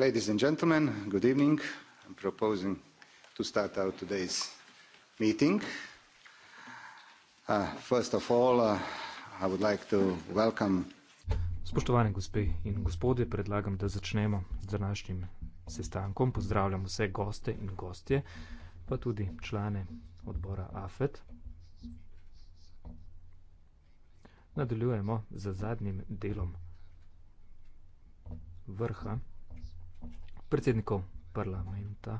Ladies and gentlemen, good evening. I'm proposing to start out today's meeting. Uh, first of all, uh, I would like to welcome. Spoštovane gospe in gospodje, predlagam, da začnemo z današnjim sestankom. Pozdravljam vse goste in gostje, pa tudi člane odbora AFET. Nadaljujemo z zadnjim delom vrha predsednikov parlamenta,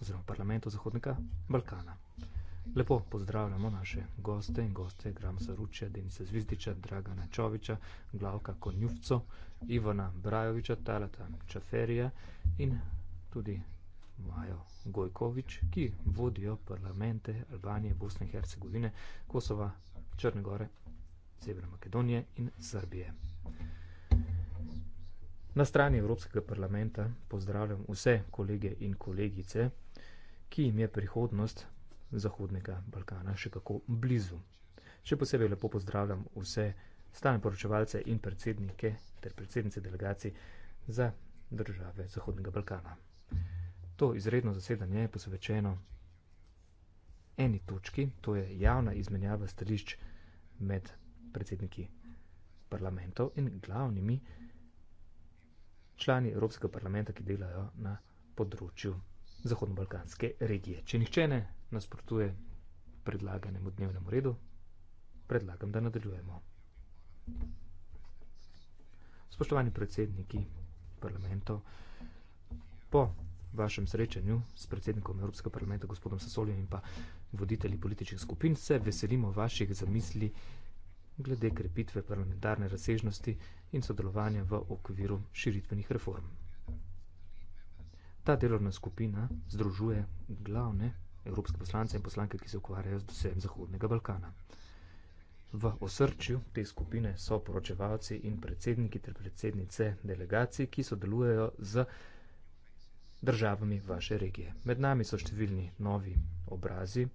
oziroma parlamentov Zahodnega Balkana. Lepo pozdravljamo naše goste in goste, Gramsa Ruče, Denisa Zvizdiča, Dragana Čoviča, Glavka Konjuvco, Ivana Brajoviča, Talata Čaferija in tudi Majo Gojkovič, ki vodijo parlamente Albanije, Bosne in Hercegovine, Kosova, Črne Gore, Severne Makedonije in Srbije. Na strani Evropskega parlamenta pozdravljam vse kolege in kolegice, ki jim je prihodnost Zahodnega Balkana še kako blizu. Še posebej lepo pozdravljam vse stane poročevalce in predsednike ter predsednice delegacij za države Zahodnega Balkana. To izredno zasedanje je posvečeno eni točki, to je javna izmenjava stališč med predsedniki parlamentov in glavnimi predsedniki člani Evropskega parlamenta, ki delajo na področju Zahodno-Balkanske regije. Če nihče ne nasprotuje predlaganemu dnevnemu redu, predlagam, da nadaljujemo. Spoštovani predsedniki parlamentov, po vašem srečanju s predsednikom Evropskega parlamenta, gospodom Sasoljem in pa voditelji političnih skupin, se veselimo vaših zamisli glede krepitve parlamentarne razsežnosti in sodelovanja v okviru širitvenih reform. Ta delovna skupina združuje glavne evropske poslance in poslanke, ki se ukvarjajo z dosegom Zahodnega Balkana. V osrčju te skupine so poročevalci in predsedniki ter predsednice delegacij, ki sodelujejo z državami vaše regije. Med nami so številni novi obrazi,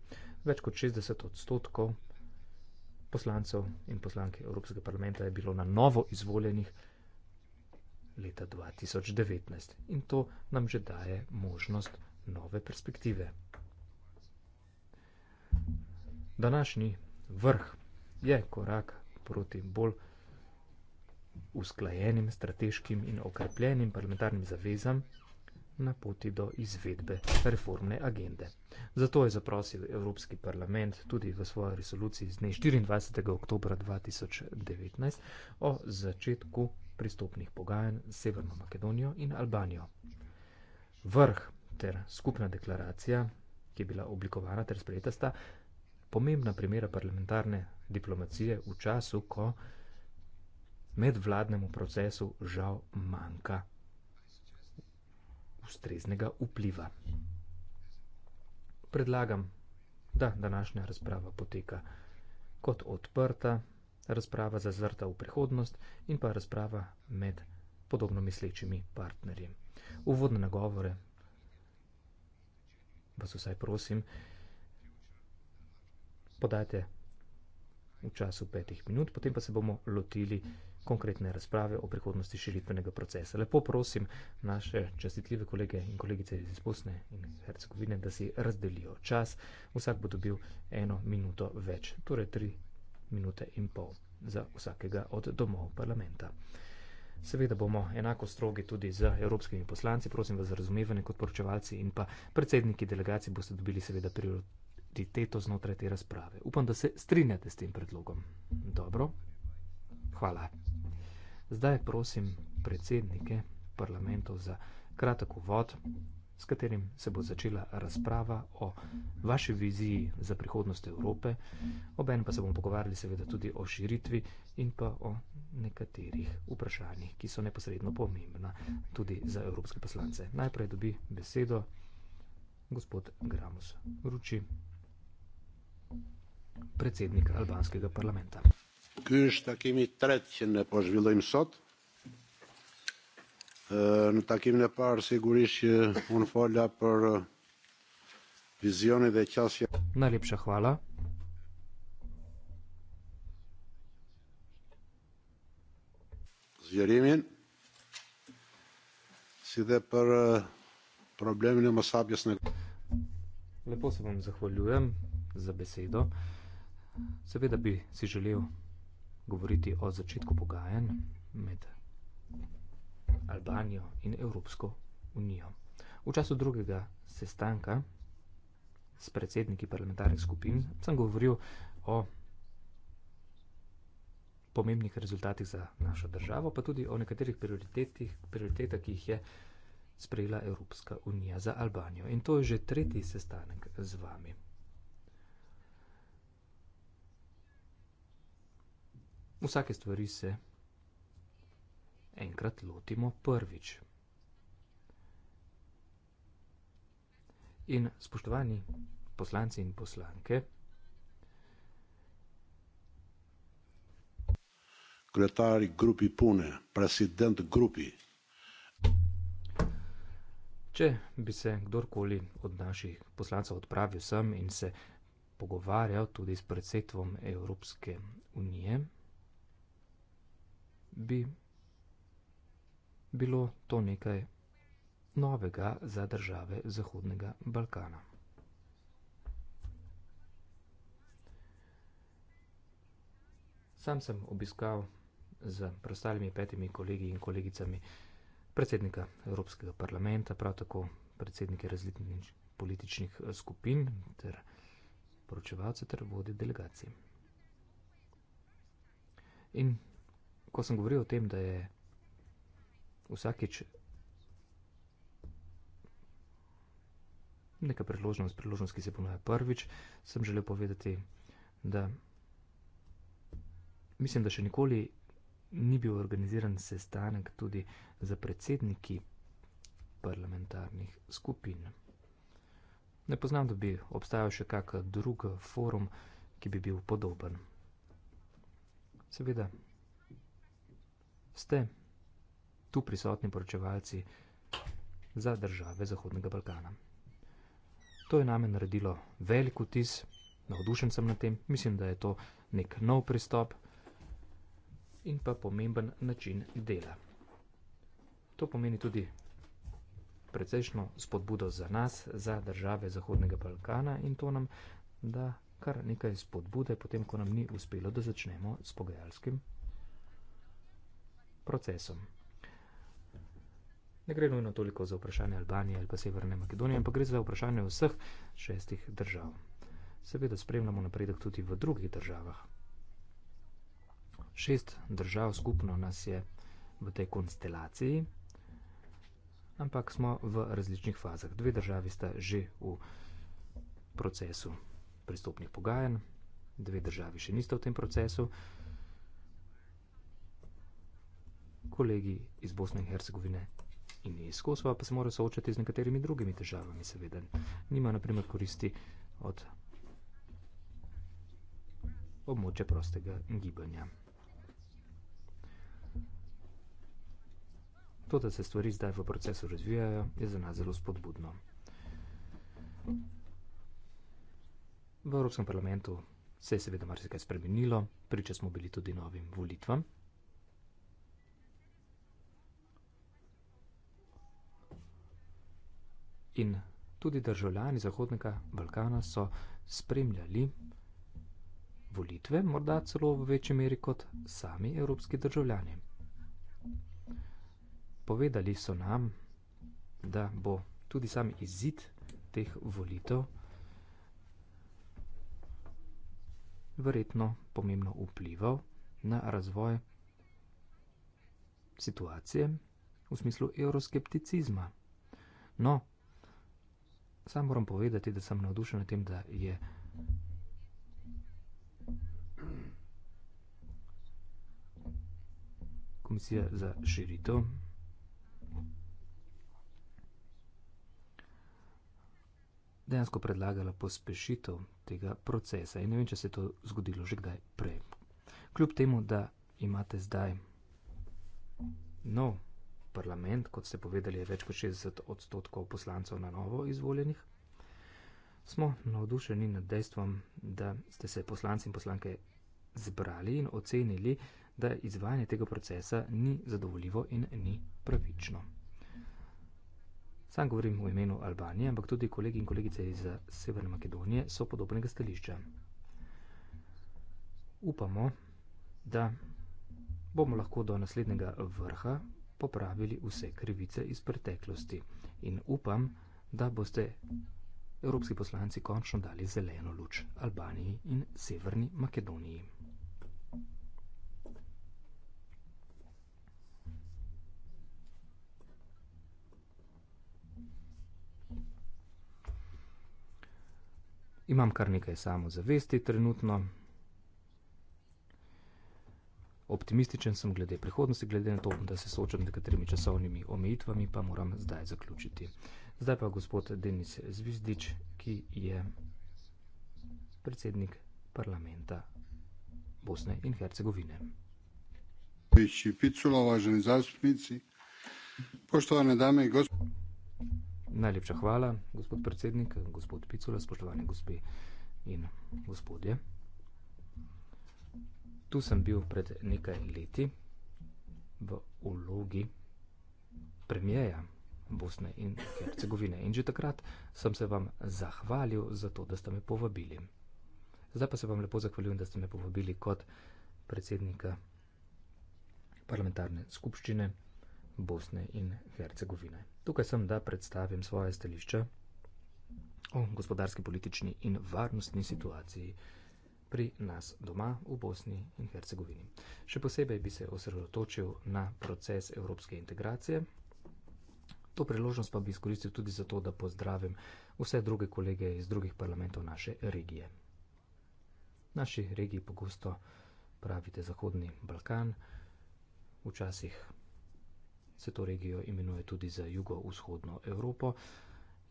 več kot 60 odstotkov poslancev in poslanke Evropskega parlamenta je bilo na novo izvoljenih leta 2019 in to nam že daje možnost nove perspektive. Današnji vrh je korak proti bolj usklajenim strateškim in okrepljenim parlamentarnim zavezam na poti do izvedbe reformne agende. Zato je zaprosil Evropski parlament tudi v svoji resoluciji z dne 24. oktober 2019 o začetku pristopnih pogajanj s Severno Makedonijo in Albanijo. Vrh ter skupna deklaracija, ki je bila oblikovana ter sprejeta, sta pomembna primera parlamentarne diplomacije v času, ko medvladnemu procesu žal manjka ustreznega vpliva. Predlagam, da današnja razprava poteka kot odprta razprava zazrta v prihodnost in pa razprava med podobno mislečimi partnerji. Uvodne nagovore vas vsaj prosim podajte v času petih minut, potem pa se bomo lotili. Mm konkretne razprave o prihodnosti širitvenega procesa. Lepo prosim naše častitljive kolege in kolegice iz Bosne in Hercegovine, da si razdelijo čas. Vsak bo dobil eno minuto več, torej tri minute in pol za vsakega od domov parlamenta. Seveda bomo enako strogi tudi z evropskimi poslanci, prosim vas za razumevanje kot poročevalci in pa predsedniki delegacij boste dobili seveda prioriteto znotraj te razprave. Upam, da se strinjate s tem predlogom. Dobro. Hvala. Zdaj prosim predsednike parlamentov za kratek uvod, s katerim se bo začela razprava o vaši viziji za prihodnost Evrope, obenem pa se bomo pogovarjali seveda tudi o širitvi in pa o nekaterih vprašanjih, ki so neposredno pomembna tudi za evropske poslance. Najprej dobi besedo gospod Gramus Ruči, predsednik albanskega parlamenta kështë takimi tretë që ne po zhvillojmë sot. E, në takimin e parë, sigurisht që unë folja për e, vizionit dhe qasja. Në lipë hvala. Zgjerimin, si dhe për e, problemin e mësapjes në... Lepo se vëmë zahvaljujem za besedo. Seveda bi si želel govoriti o začetku pogajanj med Albanijo in Evropsko unijo. V času drugega sestanka s predsedniki parlamentarnih skupin sem govoril o pomembnih rezultatih za našo državo, pa tudi o nekaterih prioritetah, ki jih je sprejela Evropska unija za Albanijo. In to je že tretji sestanek z vami. Vsake stvari se enkrat lotimo prvič. In spoštovani poslanci in poslanke, Kretari grupi pune, president grupi. Če bi se kdorkoli od naših poslancev odpravil sem in se pogovarjal tudi s predsedstvom Evropske unije, bi bilo to nekaj novega za države Zahodnega Balkana. Sam sem obiskal z prostalimi petimi kolegi in kolegicami predsednika Evropskega parlamenta, prav tako predsednike različnih političnih eh, skupin ter poročevalce ter vodje delegacije. In ko sem govoril o tem, da je vsakič neka priložnost, priložnost, ki se ponuja prvič, sem želel povedati, da mislim, da še nikoli ni bil organiziran sestanek tudi za predsedniki parlamentarnih skupin. Ne poznam, da bi obstajal še kak drug forum, ki bi bil podoben. Seveda, ste, tu prisotni poročevalci, za države Zahodnega Balkana. To je name naredilo velik vtis, navdušen sem na tem, mislim, da je to nek nov pristop in pa pomemben način dela. To pomeni tudi precejšno spodbudo za nas, za države Zahodnega Balkana in to nam da kar nekaj spodbude, potem ko nam ni uspelo, da začnemo s pogajalskim procesom. Ne gre nujno toliko za vprašanje Albanije ali pa Severne Makedonije, ampak gre za vprašanje vseh šestih držav. Seveda spremljamo napredek tudi v drugih državah. Šest držav skupno nas je v tej konstelaciji, ampak smo v različnih fazah. Dve državi sta že v procesu pristopnih pogajanj, dve državi še nista v tem procesu. kolegi iz Bosne in Hercegovine in iz Kosova pa se morajo soočati z nekaterimi drugimi težavami, seveda. Nima, naprimer, koristi od območja prostega gibanja. To, da se stvari zdaj v procesu razvijajo, je za nas zelo spodbudno. V Evropskem parlamentu se je seveda marsikaj spremenilo, priča smo bili tudi novim volitvam. in tudi državljani Zahodnega Balkana so spremljali volitve, morda celo v večji meri kot sami evropski državljani. Povedali so nam, da bo tudi sam izid teh volitev verjetno pomembno vplival na razvoj situacije v smislu evroskepticizma. No, Sam moram povedati, da sem navdušen na tem, da je komisija za širito dejansko predlagala pospešitev tega procesa in ne vem, če se je to zgodilo že kdaj prej. Kljub temu, da imate zdaj nov proces, parlament, kot ste povedali, je več kot 60 odstotkov poslancev na novo izvoljenih. Smo navdušeni nad dejstvom, da ste se poslanci in poslanke zbrali in ocenili, da izvajanje tega procesa ni zadovoljivo in ni pravično. Sam govorim v imenu Albanije, ampak tudi kolegi in kolegice iz Severne Makedonije so podobnega stališča. Upamo, da bomo lahko do naslednjega vrha popravili vse krivice iz preteklosti. In upam, da boste evropski poslanci končno dali zeleno luč Albaniji in Severni Makedoniji. Imam kar nekaj samozavesti trenutno, optimističen sem glede prihodnosti, glede na to, da se soočam z nekaterimi časovnimi omejitvami, pa moram zdaj zaključiti. Zdaj pa gospod Denis Zvizdič, ki je predsednik parlamenta Bosne in Hercegovine. Vrši Picula, uvaženi zastupnici, poštovane dame in gospodje. Najlepša hvala, gospod predsednik, gospod Picula, spoštovane gospe in gospodje tu sem bil pred nekaj leti v ulogi premijeja Bosne in Hercegovine. In že takrat sem se vam zahvalil za to, da ste me povabili. Zdaj pa se vam lepo zahvaljujem, da ste me povabili kot predsednika parlamentarne skupščine Bosne in Hercegovine. Tukaj sem, da predstavim svoje stališče o gospodarski, politični in varnostni situaciji pri nas doma v Bosni in Hercegovini. Še posebej bi se osredotočil na proces evropske integracije. To priložnost pa bi izkoristil tudi zato, da pozdravim vse druge kolege iz drugih parlamentov naše regije. Naši regiji pogosto pravite Zahodni Balkan, včasih se to regijo imenuje tudi za jugovzhodno Evropo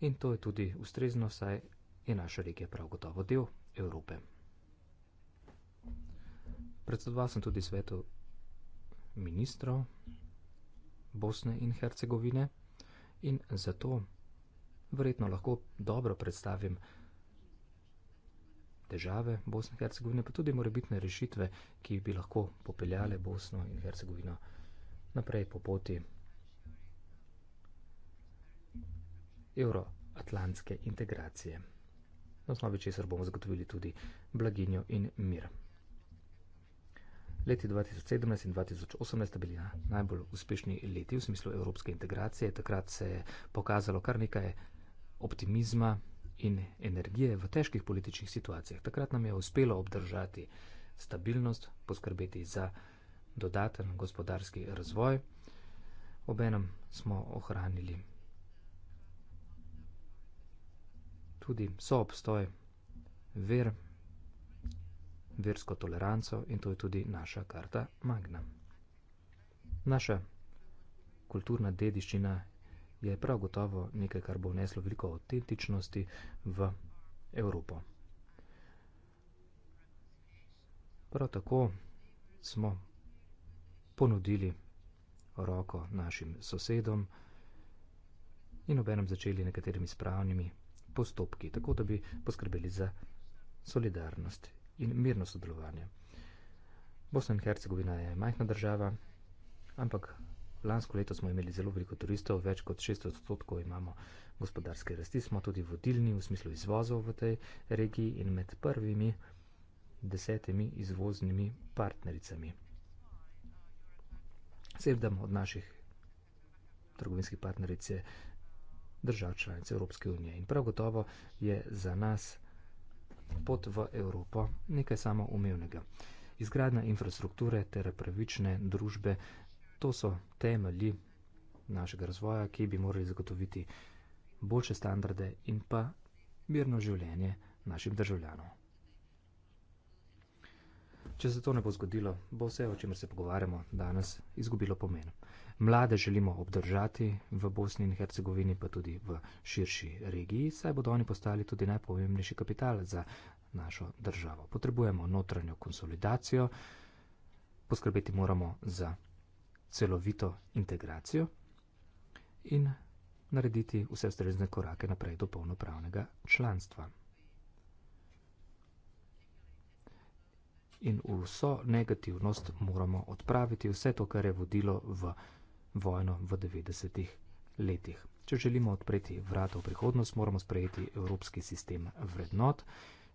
in to je tudi ustrezno, saj je naša regija prav gotovo del Evrope predsedoval sem tudi svetu ministrov Bosne in Hercegovine in zato verjetno lahko dobro predstavim težave Bosne in Hercegovine, pa tudi morebitne rešitve, ki bi lahko popeljale Bosno in Hercegovino naprej po poti euroatlantske integracije. Na osnovi česar bomo zagotovili tudi blaginjo in mir. Leti 2017 in 2018 sta bili najbolj uspešni leti v smislu evropske integracije. Takrat se je pokazalo kar nekaj optimizma in energije v težkih političnih situacijah. Takrat nam je uspelo obdržati stabilnost, poskrbeti za dodaten gospodarski razvoj. Obenem smo ohranili tudi soobstoj ver versko toleranco in to je tudi naša karta Magna. Naša kulturna dediščina je prav gotovo nekaj, kar bo vneslo veliko avtentičnosti v Evropo. Prav tako smo ponudili roko našim sosedom in obenem začeli nekaterimi spravnimi postopki, tako da bi poskrbeli za solidarnost in mirno sodelovanje. Bosna in Hercegovina je majhna država, ampak lansko leto smo imeli zelo veliko turistov, več kot 600 odstotkov imamo gospodarske rasti, smo tudi vodilni v smislu izvozov v tej regiji in med prvimi desetimi izvoznimi partnericami. Sevdam od naših trgovinskih partneric je držav članic Evropske unije in prav gotovo je za nas nekaj, pot v Evropo nekaj samoumevnega. Izgradna infrastrukture ter pravične družbe, to so temelji našega razvoja, ki bi morali zagotoviti boljše standarde in pa mirno življenje našim državljanom. Če se to ne bo zgodilo, bo vse, o čemer se pogovarjamo danes, izgubilo pomen. Mlade želimo obdržati v Bosni in Hercegovini, pa tudi v širši regiji, saj bodo oni postali tudi najpomembnejši kapital za našo državo. Potrebujemo notranjo konsolidacijo, poskrbeti moramo za celovito integracijo in narediti vse strezne korake naprej do polnopravnega članstva. in vso negativnost moramo odpraviti, vse to, kar je vodilo v vojno v 90-ih letih. Če želimo odpreti vrata v prihodnost, moramo sprejeti evropski sistem vrednot,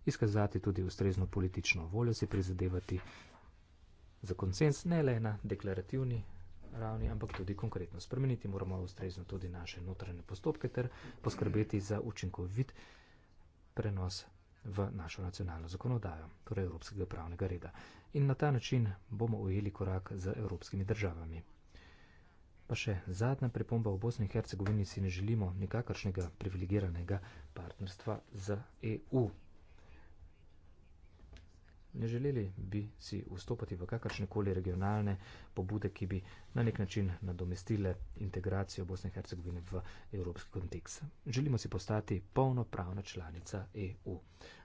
izkazati tudi ustrezno politično voljo, si prizadevati za konsens ne le na deklarativni ravni, ampak tudi konkretno spremeniti. Moramo ustrezno tudi naše notranje postopke ter poskrbeti za učinkovit prenos v našo nacionalno zakonodajo, torej evropskega pravnega reda. In na ta način bomo ujeli korak z evropskimi državami. Pa še zadnja pripomba v Bosni in Hercegovini si ne želimo nikakršnega privilegiranega partnerstva z EU. Ne želeli bi si vstopati v kakršne koli regionalne pobude, ki bi na nek način nadomestile integracijo Bosne in Hercegovine v evropski kontekst. Želimo si postati polnopravna članica EU.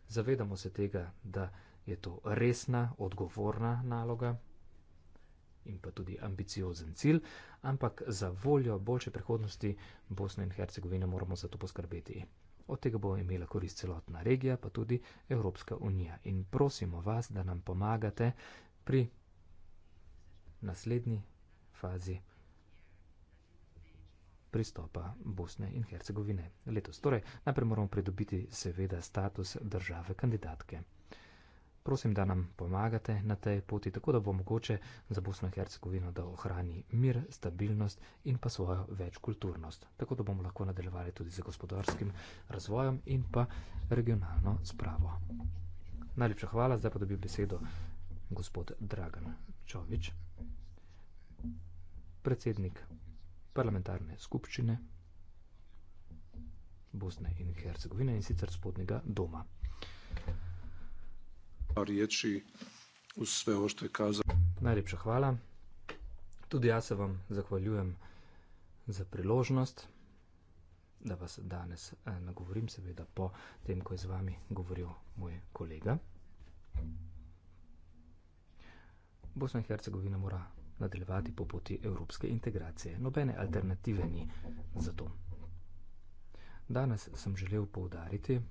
Zavedamo se tega, da je to resna, odgovorna naloga in pa tudi ambiciozen cilj, ampak za voljo boljše prihodnosti Bosne in Hercegovine moramo za to poskrbeti. Od tega bo imela korist celotna regija, pa tudi Evropska unija. In prosimo vas, da nam pomagate pri naslednji fazi pristopa Bosne in Hercegovine letos. Torej, najprej moramo pridobiti seveda status države kandidatke prosim, da nam pomagate na tej poti, tako da bo mogoče za Bosno in Hercegovino, da ohrani mir, stabilnost in pa svojo večkulturnost. Tako da bomo lahko nadaljevali tudi z gospodarskim razvojem in pa regionalno spravo. Najlepša hvala, zdaj pa dobi besedo gospod Dragan Čovič, predsednik parlamentarne skupščine Bosne in Hercegovine in sicer spodnjega doma par riječi v vse ovo što je kazal. Najlepša hvala. Tudi jaz se vam zahvaljujem za priložnost, da vas danes eh, nagovorim, seveda po tem, ko je z vami govoril moj kolega. Bosna in Hercegovina mora nadaljevati po poti evropske integracije. Nobene alternative ni za to. Danes sem želel poudariti,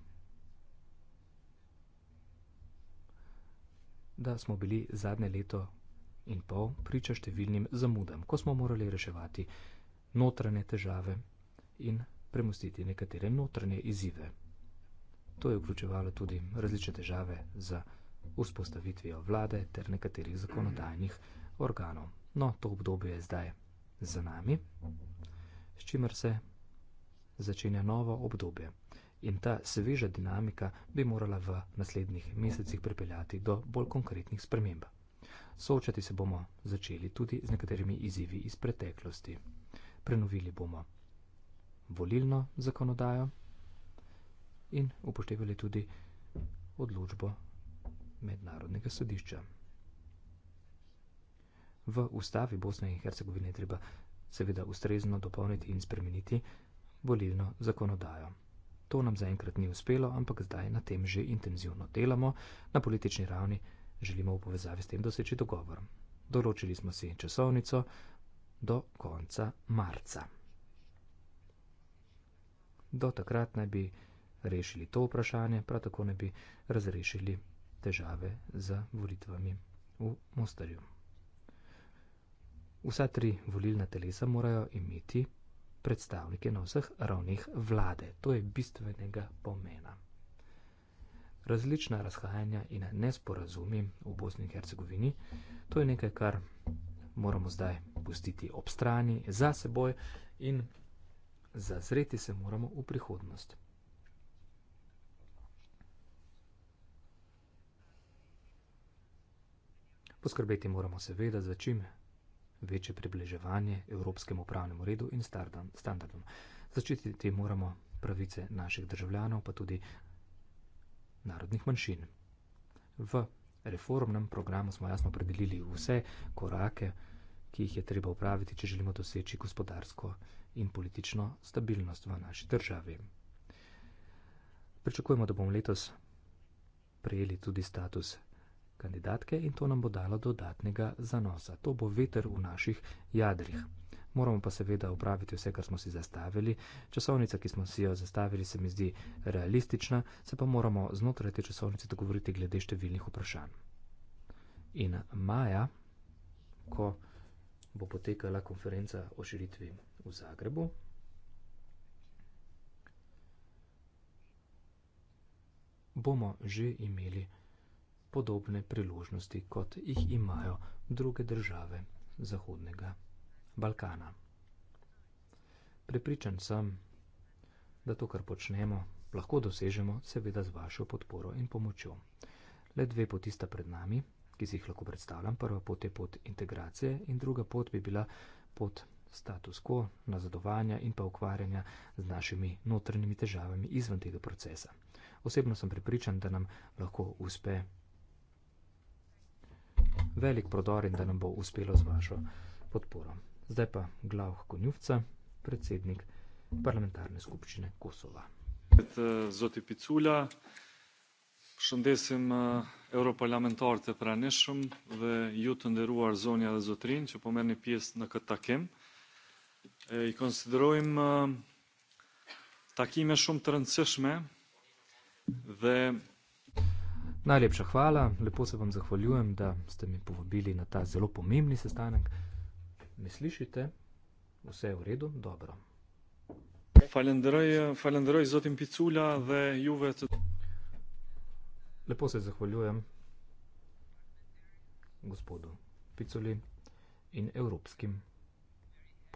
da smo bili zadnje leto in pol priča številnim zamudam, ko smo morali reševati notranje težave in premustiti nekatere notranje izzive. To je vključevalo tudi različne težave za vzpostavitvijo vlade ter nekaterih zakonodajnih organov. No, to obdobje je zdaj za nami, s čimer se začenja novo obdobje in ta sveža dinamika bi morala v naslednjih mesecih pripeljati do bolj konkretnih sprememb. Soočati se bomo začeli tudi z nekaterimi izzivi iz preteklosti. Prenovili bomo volilno zakonodajo in upoštevali tudi odločbo mednarodnega sodišča. V ustavi Bosne in Hercegovine treba seveda ustrezno dopolniti in spremeniti volilno zakonodajo. To nam zaenkrat ni uspelo, ampak zdaj na tem že intenzivno delamo, na politični ravni želimo v povezavi s tem doseči dogovor. Določili smo si časovnico do konca marca. Do takrat naj bi rešili to vprašanje, prav tako naj bi razrešili težave z volitvami v Mostarju. Vsa tri volilna telesa morajo imeti predstavnike na vseh ravnih vlade. To je bistvenega pomena. Različna razhajanja in nesporazumi v Bosni in Hercegovini, to je nekaj, kar moramo zdaj pustiti ob strani, za seboj in zazreti se moramo v prihodnost. Poskrbeti moramo seveda za čim večje približevanje evropskemu pravnemu redu in standardom. Začititi moramo pravice naših državljanov, pa tudi narodnih manjšin. V reformnem programu smo jasno predelili vse korake, ki jih je treba upraviti, če želimo doseči gospodarsko in politično stabilnost v naši državi. Pričakujemo, da bomo letos prejeli tudi status kandidatke in to nam bo dalo dodatnega zanosa. To bo veter v naših jadrih. Moramo pa seveda upraviti vse, kar smo si zastavili. Časovnica, ki smo si jo zastavili, se mi zdi realistična, se pa moramo znotraj te časovnice dogovoriti glede številnih vprašanj. In maja, ko bo potekala konferenca o širitvi v Zagrebu, bomo že imeli podobne priložnosti, kot jih imajo druge države Zahodnega Balkana. Prepričan sem, da to, kar počnemo, lahko dosežemo, seveda z vašo podporo in pomočjo. Le dve poti sta pred nami, ki si jih lahko predstavljam. Prva pot je pot integracije in druga pot bi bila pot status quo, nazadovanja in pa ukvarjanja z našimi notrnimi težavami izven tega procesa. Osebno sem prepričan, da nam lahko uspe velik prodor in da nam bo uspelo z vašo podporo. Zdaj pa Glauh Konjuvca, predsednik parlamentarne skupščine Kosova. Eh, zoti Piculja, shëndesim uh, eh, europarlamentarët e pranishëm dhe ju të nderuar zonja dhe zotrinë që po merrni pjesë në këtë takim. E, I konsiderojmë uh, takime shumë të rëndësishme dhe Najlepša hvala, lepo se vam zahvaljujem, da ste mi povabili na ta zelo pomembni sestanek. Me slišite? Vse je v redu? Dobro. Falendroj, falendroj, zotim picula, dhe juve të... Lepo se zahvaljujem gospodu Piculi in evropskim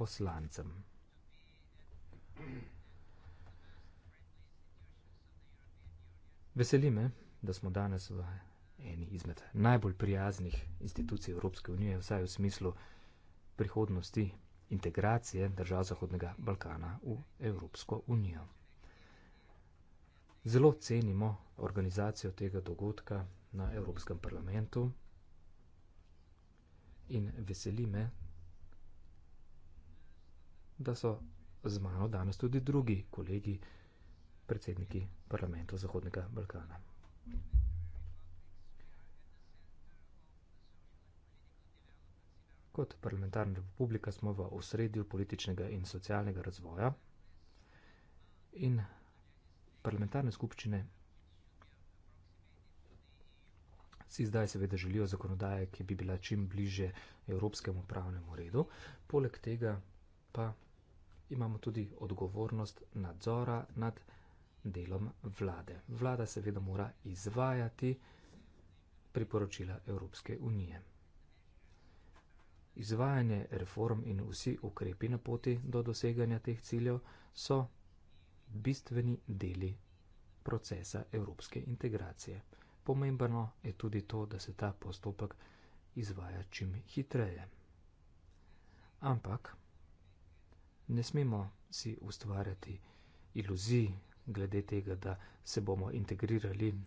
poslancem. Veseli me, da smo danes v eni izmed najbolj prijaznih institucij Evropske unije, vsaj v smislu prihodnosti integracije držav Zahodnega Balkana v Evropsko unijo. Zelo cenimo organizacijo tega dogodka na Evropskem parlamentu in veseli me, da so z mano danes tudi drugi kolegi predsedniki parlamentov Zahodnega Balkana. Kot parlamentarna republika smo v osredju političnega in socialnega razvoja in parlamentarne skupščine si zdaj seveda želijo zakonodaje, ki bi bila čim bliže evropskemu pravnemu redu. Poleg tega pa imamo tudi odgovornost nadzora nad evropskemu pravnemu redu delom vlade. Vlada seveda mora izvajati priporočila Evropske unije. Izvajanje reform in vsi ukrepi na poti do doseganja teh ciljev so bistveni deli procesa evropske integracije. Pomembno je tudi to, da se ta postopek izvaja čim hitreje. Ampak ne smemo si ustvarjati iluzij glede tega, da se bomo integrirali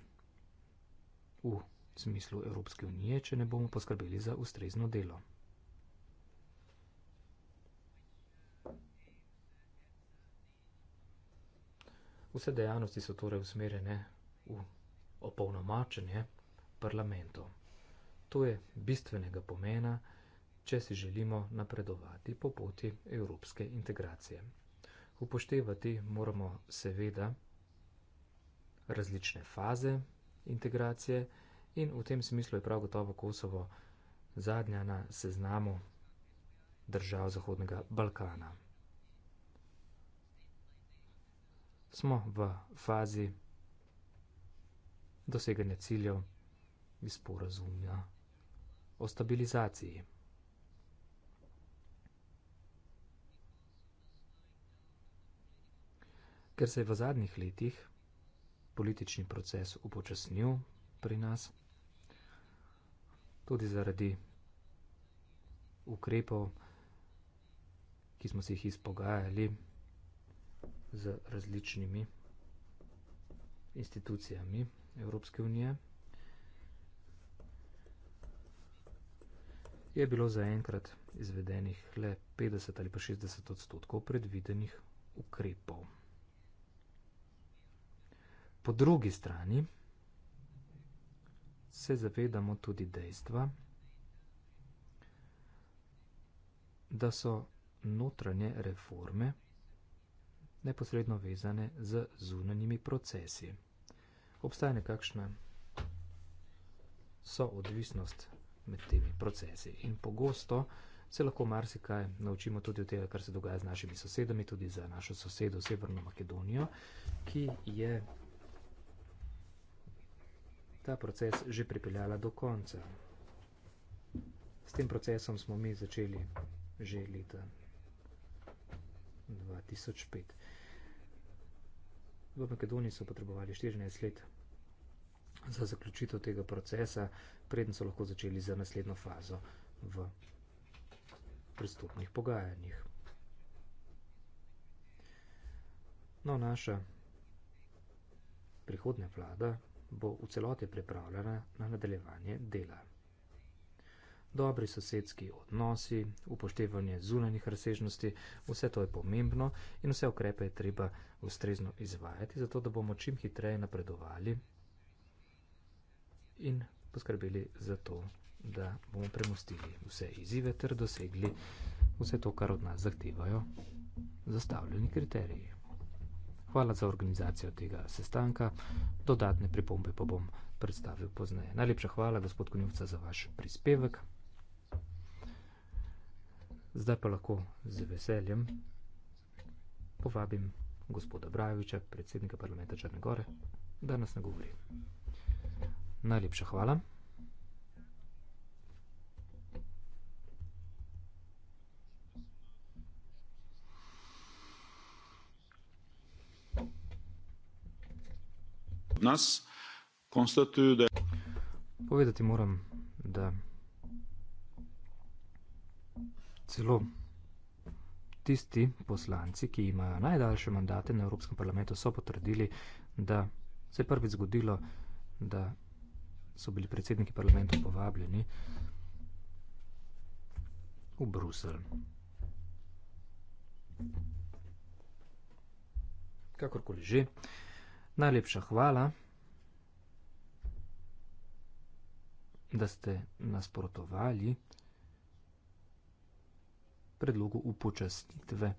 v smislu Evropske unije, če ne bomo poskrbeli za ustrezno delo. Vse dejavnosti so torej usmerjene v opolnomačenje parlamentov. To je bistvenega pomena, če si želimo napredovati po poti evropske integracije. Upoštevati moramo seveda različne faze integracije in v tem smislu je prav gotovo Kosovo zadnja na seznamu držav Zahodnega Balkana. Smo v fazi doseganja ciljev iz porazumja o stabilizaciji. Ker se je v zadnjih letih politični proces upočasnil pri nas, tudi zaradi ukrepov, ki smo si jih izpogajali z različnimi institucijami Evropske unije, je bilo zaenkrat izvedenih le 50 ali pa 60 odstotkov predvidenih ukrepov. Po drugi strani se zavedamo tudi dejstva, da so notranje reforme neposredno vezane z zunanjimi procesi. Obstaja nekakšna soodvisnost med temi procesi in pogosto se lahko marsikaj naučimo tudi od tega, kar se dogaja z našimi sosedami, tudi za našo sosedo Severno Makedonijo, ki je ta proces že pripeljala do konca. S tem procesom smo mi začeli že leta 2005. V Makedoniji so potrebovali 14 let za zaključitev tega procesa, preden so lahko začeli za naslednjo fazo v pristopnih pogajanjih. No, naša prihodnja vlada, bo v celoti pripravljena na nadaljevanje dela. Dobri sosedski odnosi, upoštevanje zunanjih razsežnosti, vse to je pomembno in vse ukrepe je treba ustrezno izvajati, zato da bomo čim hitreje napredovali in poskrbeli za to, da bomo premostili vse izzive ter dosegli vse to, kar od nas zahtevajo zastavljeni kriteriji. Hvala za organizacijo tega sestanka. Dodatne pripombe pa bom predstavil pozneje. Najlepša hvala, gospod Konjovca, za vaš prispevek. Zdaj pa lahko z veseljem povabim gospoda Brajoviča, predsednika parlamenta Črne Gore, da nas nagovori. Najlepša hvala. nas konstatuju da... Povedati moram, da celo tisti poslanci, ki imajo najdaljše mandate na Evropskem parlamentu, so potrdili, da se je prvič zgodilo, da so bili predsedniki parlamentov povabljeni v Bruselj. Kakorkoli že. Najlepša hvala, da ste nasprotovali predlogu upočasnitve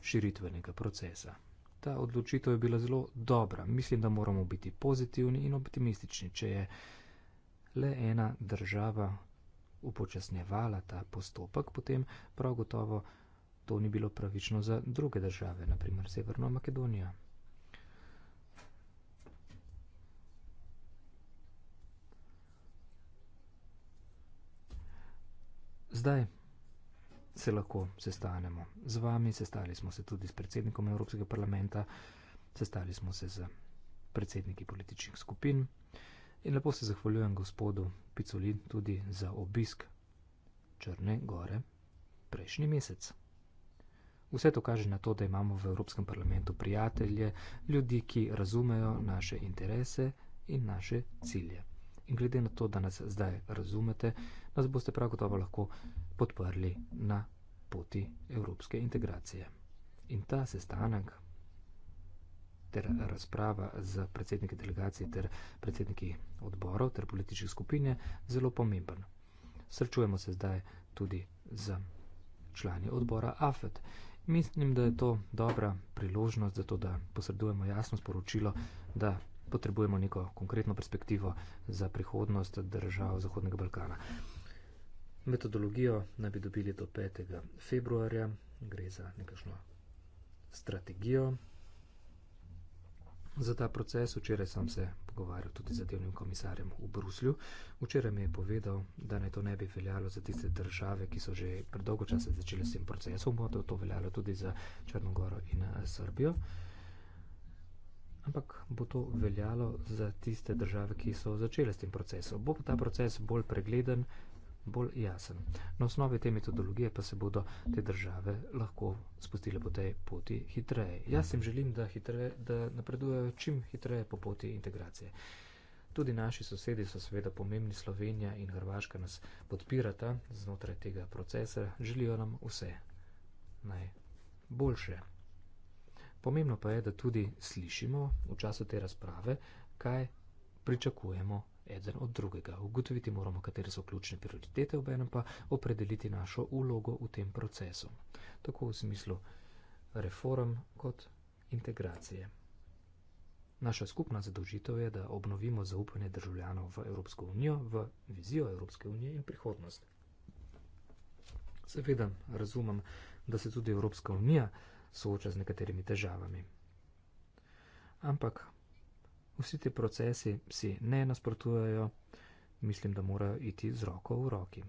širitvenega procesa. Ta odločitev je bila zelo dobra. Mislim, da moramo biti pozitivni in optimistični, če je le ena država upočasnjevala ta postopek, potem prav gotovo to ni bilo pravično za druge države, naprimer Severno Makedonijo. Zdaj se lahko sestanemo z vami, sestali smo se tudi s predsednikom Evropskega parlamenta, sestali smo se z predsedniki političnih skupin in lepo se zahvaljujem gospodu Picolin tudi za obisk Črne gore prejšnji mesec. Vse to kaže na to, da imamo v Evropskem parlamentu prijatelje, ljudi, ki razumejo naše interese in naše cilje. In glede na to, da nas zdaj razumete, nas boste prav gotovo lahko podprli na poti evropske integracije. In ta sestanek ter razprava z predsedniki delegacij ter predsedniki odborov ter političnih skupin je zelo pomemben. Srečujemo se zdaj tudi z člani odbora AFED. Mislim, da je to dobra priložnost za to, da posredujemo jasno sporočilo, da potrebujemo neko konkretno perspektivo za prihodnost držav Zahodnega Balkana. Metodologijo naj bi dobili do 5. februarja, gre za nekašno strategijo za ta proces. Včeraj sem se pogovarjal tudi z delnim komisarjem v Bruslju. Včeraj mi je povedal, da naj to ne bi veljalo za tiste države, ki so že predolgo časa začele s tem procesom, bo to veljalo tudi za Črnogoro in eh, Srbijo. Uh, ampak bo to veljalo za tiste države, ki so začele s tem procesom. Bo pa ta proces bolj pregleden, bolj jasen. Na osnovi te metodologije pa se bodo te države lahko spustile po tej poti hitreje. Jaz jim želim, da, hitreje, da napredujejo čim hitreje po poti integracije. Tudi naši sosedi so seveda pomembni, Slovenija in Hrvaška nas podpirata znotraj tega procesa, želijo nam vse najboljše. Pomembno pa je, da tudi slišimo v času te razprave, kaj pričakujemo eden od drugega. Ugotoviti moramo, katere so ključne prioritete, ob enem pa opredeliti našo ulogo v tem procesu. Tako v smislu reform kot integracije. Naša skupna zadožitev je, da obnovimo zaupanje državljanov v Evropsko unijo, v vizijo Evropske unije in prihodnost. Seveda razumem, da se tudi Evropska unija sooča z nekaterimi težavami. Ampak vsi ti procesi si ne nasprotujejo, mislim, da morajo iti z roko v roki.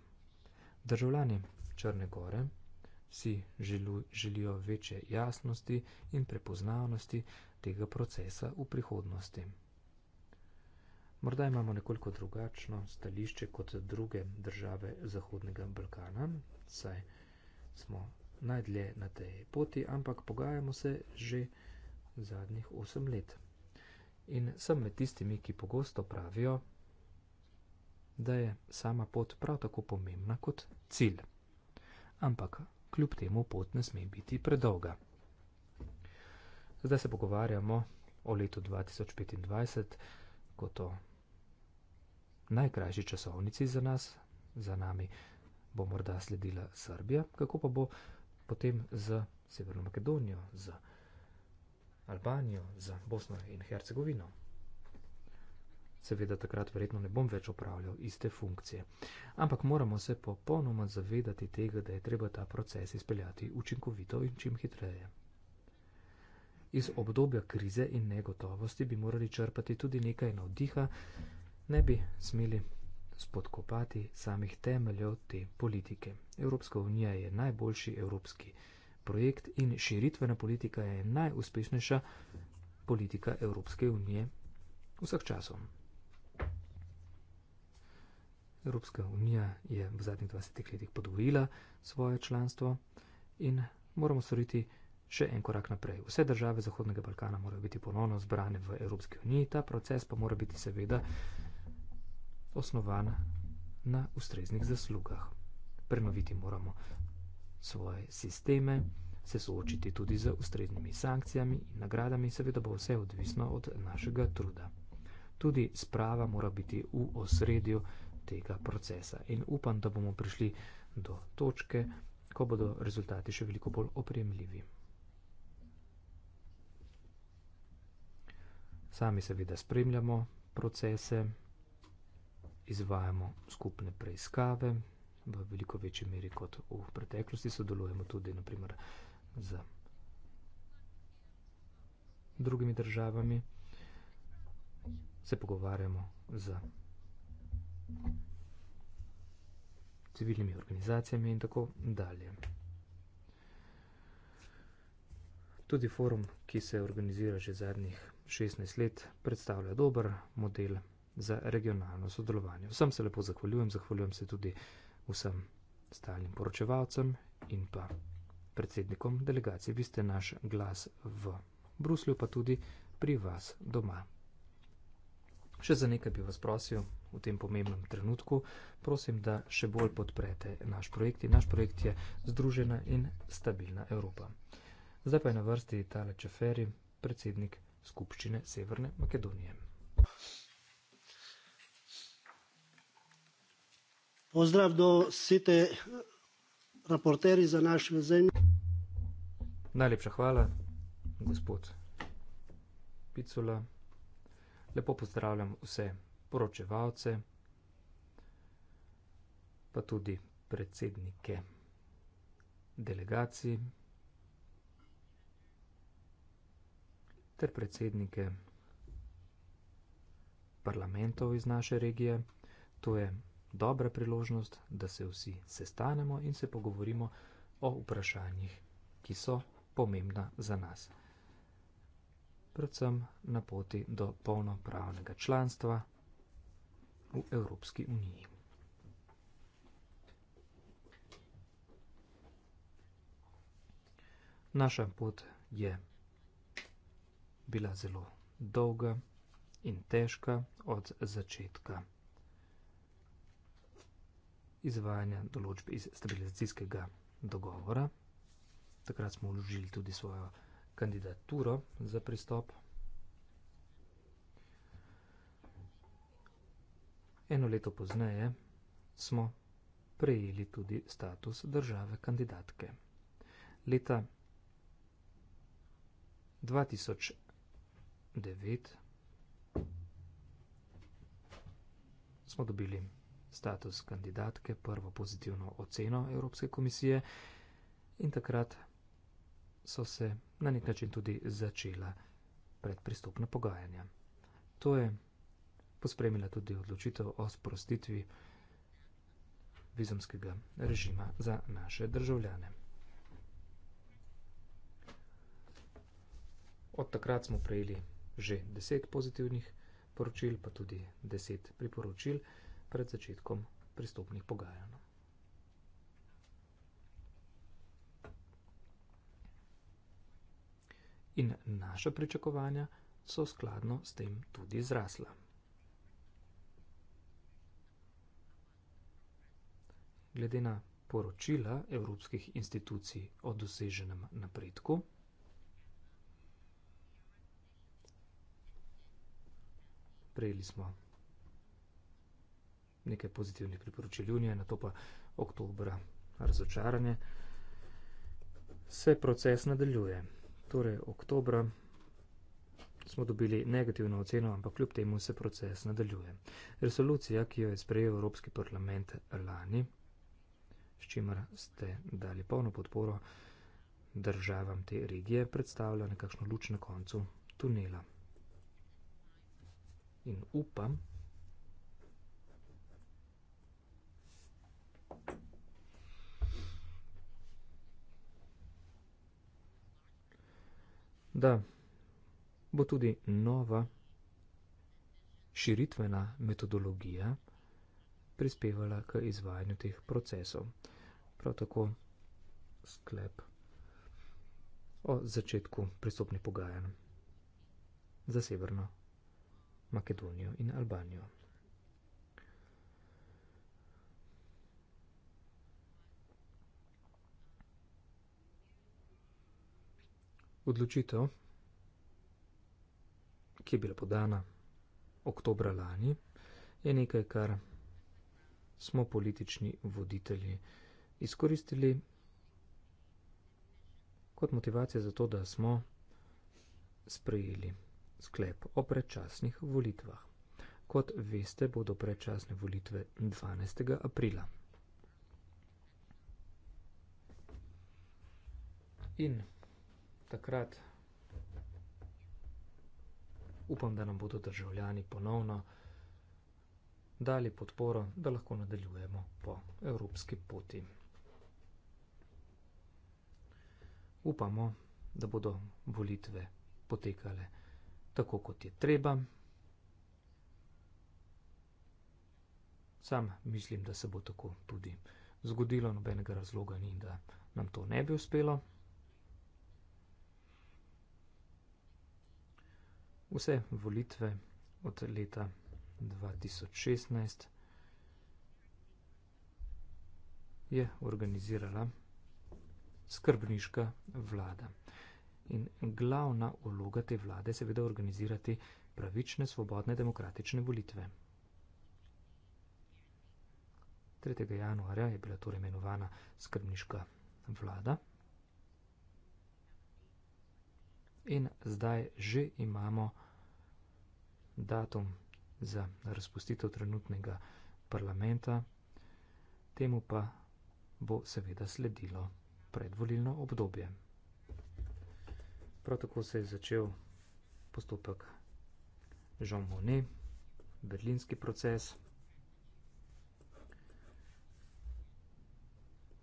Državljani Črne Gore si želu, želijo večje jasnosti in prepoznavnosti tega procesa v prihodnosti. Morda imamo nekoliko drugačno stališče kot druge države Zahodnega Balkana, saj smo najdlje na tej poti, ampak pogajamo se že zadnjih 8 let. In sem med tistimi, ki pogosto pravijo, da je sama pot prav tako pomembna kot cilj. Ampak kljub temu pot ne sme biti predolga. Zdaj se pogovarjamo o letu 2025 kot o najkrajši časovnici za nas, za nami bo morda sledila Srbija, kako pa bo potem z Severno Makedonijo, z Albanijo, z Bosno in Hercegovino. Seveda takrat verjetno ne bom več upravljal iste funkcije. Ampak moramo se popolnoma zavedati tega, da je treba ta proces izpeljati učinkovito in čim hitreje. Iz obdobja krize in negotovosti bi morali črpati tudi nekaj navdiha, ne bi smeli spodkopati samih temeljev te politike. Evropska unija je najboljši evropski projekt in širitvena politika je najuspešnejša politika Evropske unije vseh časov. Evropska unija je v zadnjih 20 letih podvojila svoje članstvo in moramo storiti še en korak naprej. Vse države Zahodnega Balkana morajo biti ponovno zbrane v Evropski uniji, ta proces pa mora biti seveda osnovan na ustreznih zaslugah. Prenoviti moramo svoje sisteme, se soočiti tudi z ustreznimi sankcijami in nagradami, seveda bo vse odvisno od našega truda. Tudi sprava mora biti v osredju tega procesa in upam, da bomo prišli do točke, ko bodo rezultati še veliko bolj opremljivi. Sami seveda spremljamo procese izvajamo skupne preiskave v veliko večji meri kot v preteklosti. Sodelujemo tudi naprimer z drugimi državami, se pogovarjamo z civilnimi organizacijami in tako dalje. Tudi forum, ki se organizira že zadnjih 16 let, predstavlja dober model za regionalno sodelovanje. Vsem se lepo zahvaljujem, zahvaljujem se tudi vsem stalnim poročevalcem in pa predsednikom delegacije. Vi ste naš glas v Bruslju, pa tudi pri vas doma. Še za nekaj bi vas prosil v tem pomembnem trenutku, prosim, da še bolj podprete naš projekt. Naš projekt je Združena in stabilna Evropa. Zdaj pa je na vrsti Tale Čeferi, predsednik Skupščine Severne Makedonije. Thank you. Pozdrav do site, eh, raporteri za naš vezenje. Najlepša hvala, gospod Picula. Lepo pozdravljam vse poročevalce, pa tudi predsednike delegacij ter predsednike parlamentov iz naše regije. To je dobra priložnost, da se vsi sestanemo in se pogovorimo o vprašanjih, ki so pomembna za nas. Predvsem na poti do polnopravnega članstva v Evropski uniji. Naša pot je bila zelo dolga in težka od začetka izvajanja določb iz stabilizacijskega dogovora. Takrat smo vložili tudi svojo kandidaturo za pristop. Eno leto pozneje smo prejeli tudi status države kandidatke. Leta 2009 smo dobili status kandidatke, prvo pozitivno oceno Evropske komisije in takrat so se na nek način tudi začela predpristopna pogajanja. To je pospremila tudi odločitev o sprostitvi vizumskega režima za naše državljane. Od takrat smo prejeli že deset pozitivnih poročil, pa tudi deset priporočil pred začetkom pristopnih pogajanj. In naša pričakovanja so skladno s tem tudi zrasla. Glede na poročila evropskih institucij o doseženem napredku, prejeli smo nekaj pozitivnih priporočil junija, na to pa oktobra razočaranje. Se proces nadaljuje. Torej, oktobra smo dobili negativno oceno, ampak kljub temu se proces nadaljuje. Resolucija, ki jo je sprejel Evropski parlament lani, s čimer ste dali polno podporo državam te regije, predstavlja nekakšno luč na koncu tunela. In upam, da bo tudi nova širitvena metodologija prispevala k izvajanju teh procesov. Prav tako sklep o začetku pristopnih pogajanj za Severno Makedonijo in Albanijo. odločitev, ki je bila podana oktobra lani, je nekaj, kar smo politični voditelji izkoristili kot motivacijo za to, da smo sprejeli sklep o predčasnih volitvah. Kot veste, bodo predčasne volitve 12. aprila. In takrat upam, da nam bodo državljani ponovno dali podporo, da lahko nadaljujemo po evropski poti. Upamo, da bodo volitve potekale tako, kot je treba. Sam mislim, da se bo tako tudi zgodilo, nobenega razloga ni, da nam to ne bi uspelo. vse volitve od leta 2016 je organizirala skrbniška vlada. In glavna vloga te vlade je seveda organizirati pravične, svobodne, demokratične volitve. 3. januarja je bila torej imenovana skrbniška vlada. in zdaj že imamo datum za razpustitev trenutnega parlamenta, temu pa bo seveda sledilo predvolilno obdobje. Prav tako se je začel postopek Jean Monnet, berlinski proces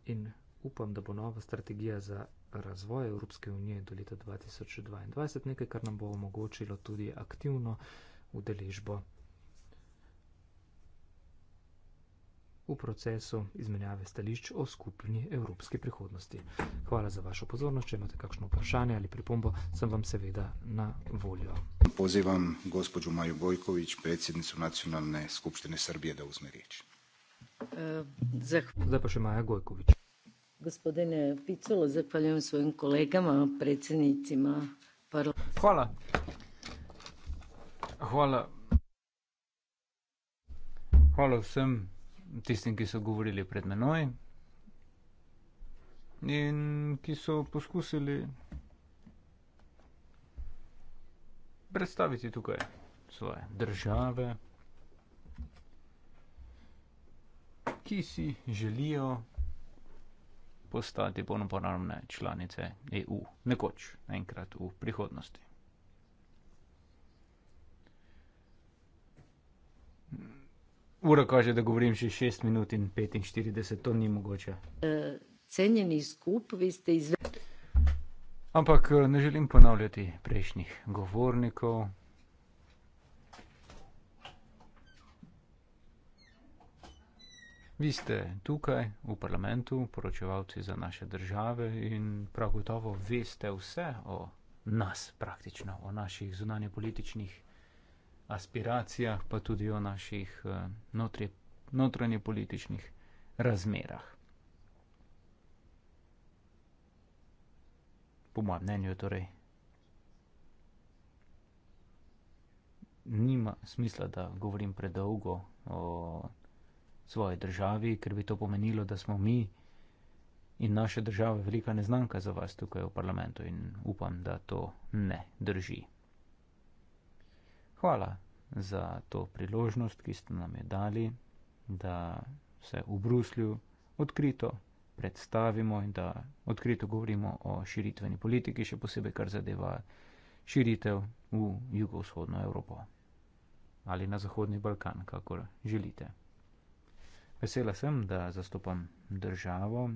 in upam, da bo nova strategija za razvoj Evropske unije do leta 2022, nekaj, kar nam bo omogočilo tudi aktivno udeležbo v procesu izmenjave stališč o skupni evropski prihodnosti. Hvala za vašo pozornost. Če imate kakšno vprašanje ali pripombo, sem vam seveda na voljo. Pozivam gospođu Maju Bojković, predsjednicu Nacionalne skupštine Srbije, da uzme riječ. Uh, Zdaj pa še Maja Gojković. Gospodine Picolo, zahvaljujem svojim kolegama, predsednicima. Hvala. Hvala. Hvala vsem tistim, ki so govorili pred menoj in ki so poskusili predstaviti tukaj svoje države, ki si želijo postati polnopravne članice EU. Nekoč, enkrat v prihodnosti. Ura kaže, da govorim še 6 minut in 45, to ni mogoče. E, cenjeni skup, vi ste izvedeli. Ampak e, ne želim ponavljati prejšnjih govornikov. Vi ste tukaj v parlamentu, poročevalci za naše države in prav gotovo veste vse o nas praktično, o naših zunanje političnih aspiracijah, pa tudi o naših eh, notranje političnih razmerah. Po mojem mnenju torej nima smisla, da govorim predolgo o svoji državi, ker bi to pomenilo, da smo mi in naša država velika neznanka za vas tukaj v parlamentu in upam, da to ne drži. Hvala za to priložnost, ki ste nam jo dali, da se v Bruslju odkrito predstavimo in da odkrito govorimo o širitveni politiki, še posebej kar zadeva širitev v jugovzhodno Evropo ali na Zahodni Balkan, kakor želite. Vesela sem, da zastopam državo,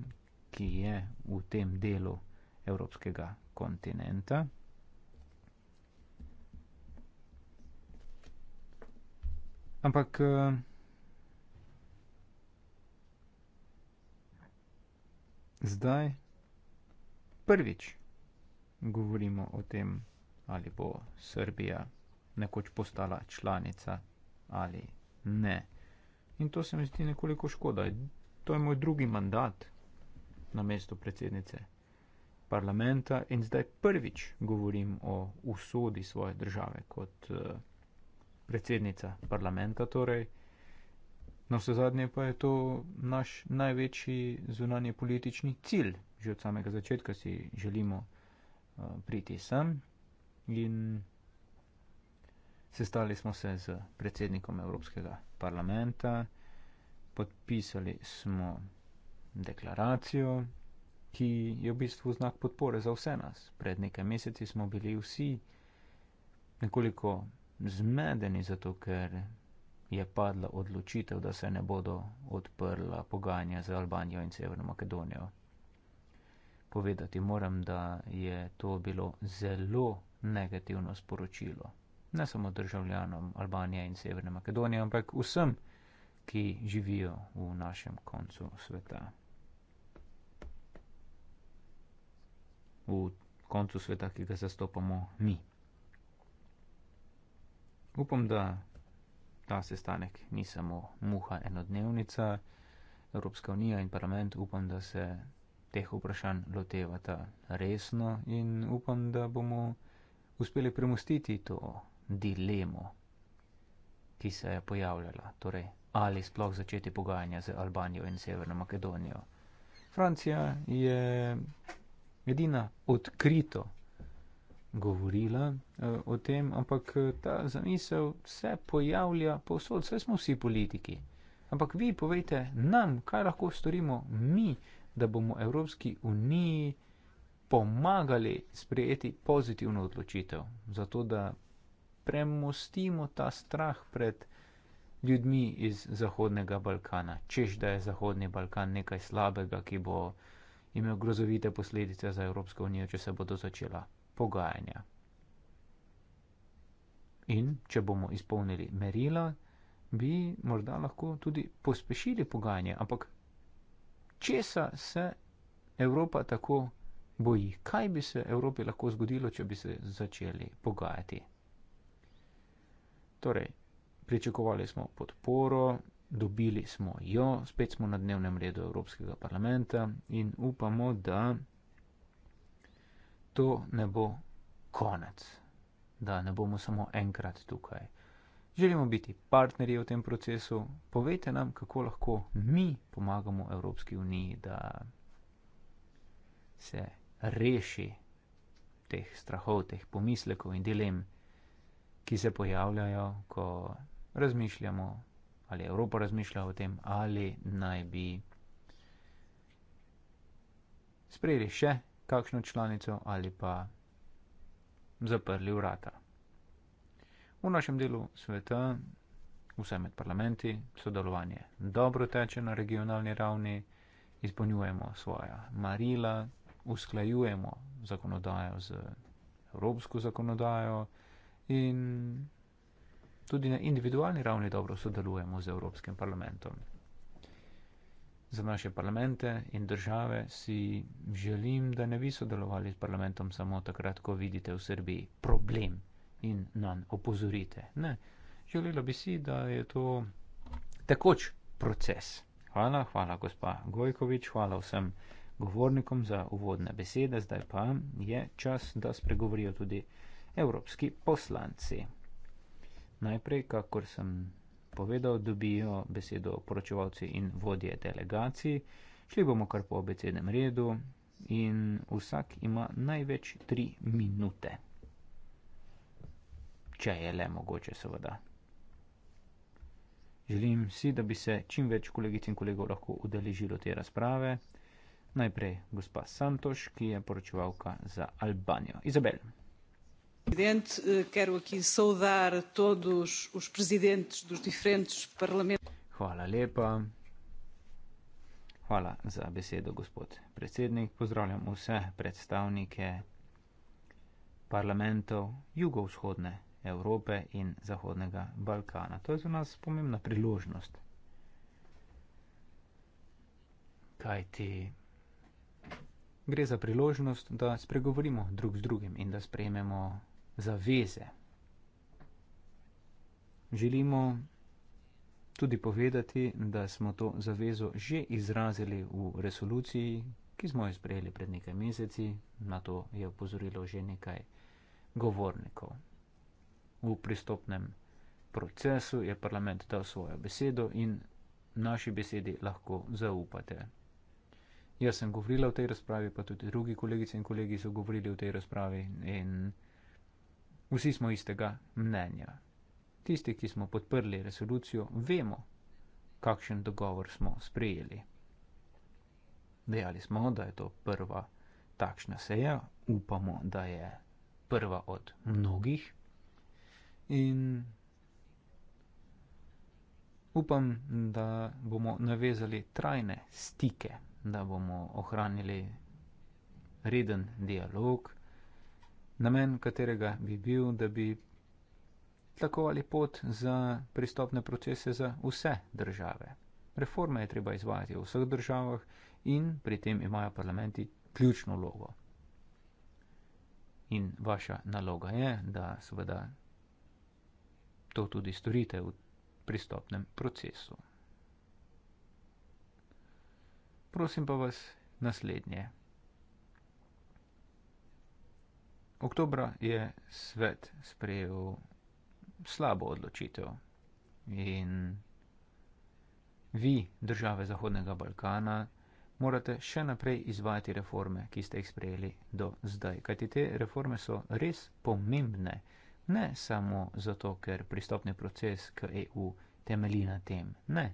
ki je v tem delu evropskega kontinenta. Ampak eh, zdaj prvič govorimo o tem, ali bo Srbija nekoč postala članica ali ne. In to se mi zdi nekoliko škoda. To je moj drugi mandat na mestu predsednice parlamenta in zdaj prvič govorim o usodi svoje države kot eh, predsednica parlamenta. Torej. Na vse zadnje pa je to naš največji zunanje politični cilj. Že od samega začetka si želimo uh, priti sem in Sestali smo se z predsednikom Evropskega parlamenta, podpisali smo deklaracijo, ki je v bistvu znak podpore za vse nas. Pred nekaj meseci smo bili vsi nekoliko zmedeni, zato ker je padla odločitev, da se ne bodo odprla pogajanja z Albanijo in Severno Makedonijo. Povedati moram, da je to bilo zelo negativno sporočilo ne samo državljanom Albanije in Severne Makedonije, ampak vsem, ki živijo v našem koncu sveta. V koncu sveta, ki ga zastopamo mi. Upam, da ta sestanek ni samo muha enodnevnica, Evropska unija in parlament, upam, da se teh vprašanj lotevata resno in upam, da bomo uspeli premustiti to dilemo, ki se je pojavljala, torej ali sploh začeti pogajanja z Albanijo in Severno Makedonijo. Francija je edina odkrito govorila eh, o tem, ampak eh, ta zamisel se pojavlja povsod, vse smo vsi politiki. Ampak vi povejte nam, kaj lahko storimo mi, da bomo Evropski uniji pomagali sprejeti pozitivno odločitev, zato da premostimo ta strah pred ljudmi iz Zahodnega Balkana. Češ, da je Zahodni Balkan nekaj slabega, ki bo imel grozovite posledice za Evropsko unijo, če se bodo začela pogajanja. In če bomo izpolnili merila, bi morda lahko tudi pospešili pogajanje. Ampak česa se Evropa tako boji? Kaj bi se Evropi lahko zgodilo, če bi se začeli pogajati? Torej, pričakovali smo podporo, dobili smo jo, spet smo na dnevnem redu Evropskega parlamenta in upamo, da to ne bo konec, da ne bomo samo enkrat tukaj. Želimo biti partnerji v tem procesu, povejte nam, kako lahko mi pomagamo Evropski uniji, da se reši teh strahov, teh pomislekov in dilem ki se pojavljajo, ko razmišljamo, ali Evropa razmišlja o tem, ali naj bi sprejeli še kakšno članico ali pa zaprli vrata. V našem delu sveta, vse med parlamenti, sodelovanje dobro teče na regionalni ravni, izpolnjujemo svoja marila, usklajujemo zakonodajo z evropsko zakonodajo, in tudi na individualni ravni dobro sodelujemo z Evropskim parlamentom. Za naše parlamente in države si želim, da ne bi sodelovali s parlamentom samo takrat, ko vidite v Srbiji problem in nam opozorite. Ne, želela bi si, da je to takoč proces. Hvala, hvala gospa Gojkovič, hvala vsem govornikom za uvodne besede, zdaj pa je čas, da spregovorijo tudi evropski poslanci. Najprej, kakor sem povedal, dobijo besedo poročevalci in vodje delegacij. Šli bomo kar po abecednem redu in vsak ima največ tri minute. Če je le mogoče, seveda. Želim si, da bi se čim več kolegic in kolegov lahko udeležilo te razprave. Najprej gospa Santoš, ki je poročevalka za Albanijo. Izabel presidente, eh, quero aqui saudar todos os presidentes dos diferentes parlamentos. Hvala lepa. Hvala za besedo, gospod predsednik. Pozdravljam vse predstavnike parlamentov jugovzhodne Evrope in Zahodnega Balkana. To je za nas pomembna priložnost. Kaj ti gre za priložnost, da spregovorimo drug z drugim in da sprejmemo zaveze. Želimo tudi povedati, da smo to zavezo že izrazili v resoluciji, ki smo jo sprejeli pred nekaj meseci, na to je upozorilo že nekaj govornikov. V pristopnem procesu je parlament dal svojo besedo in naši besedi lahko zaupate. Jaz sem govorila v tej razpravi, pa tudi drugi kolegice in kolegi so govorili v tej razpravi in. Vsi smo istega mnenja. Tisti, ki smo podprli resolucijo, vemo, kakšen dogovor smo sprejeli. Dejali smo, da je to prva takšna seja, upamo, da je prva od mnogih in upam, da bomo navezali trajne stike, da bomo ohranili reden dialog, namen katerega bi bil, da bi tlakovali pot za pristopne procese za vse države. Reforme je treba izvajati v vseh državah in pri tem imajo parlamenti ključno logo. In vaša naloga je, da seveda to tudi storite v pristopnem procesu. Prosim pa vas naslednje. Oktober je svet sprejel slabo odločitev in vi, države Zahodnega Balkana, morate še naprej izvajati reforme, ki ste jih sprejeli do zdaj. Kajti te reforme so res pomembne, ne samo zato, ker pristopni proces k EU temelji na tem. Ne.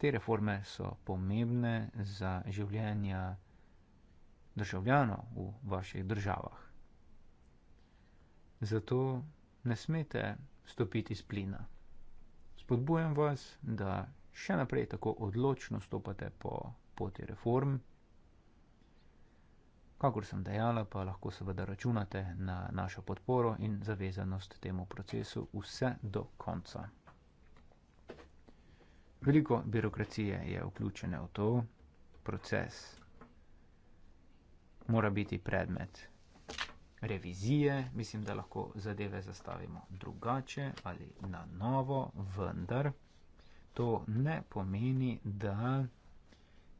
Te reforme so pomembne za življenja državljanov v vaših državah zato ne smete stopiti iz plina. Spodbujam vas, da še naprej tako odločno stopate po poti reform. Kakor sem dejala, pa lahko seveda računate na našo podporo in zavezanost temu procesu vse do konca. Veliko birokracije je vključene v to, proces mora biti predmet revizije, mislim, da lahko zadeve zastavimo drugače ali na novo, vendar to ne pomeni, da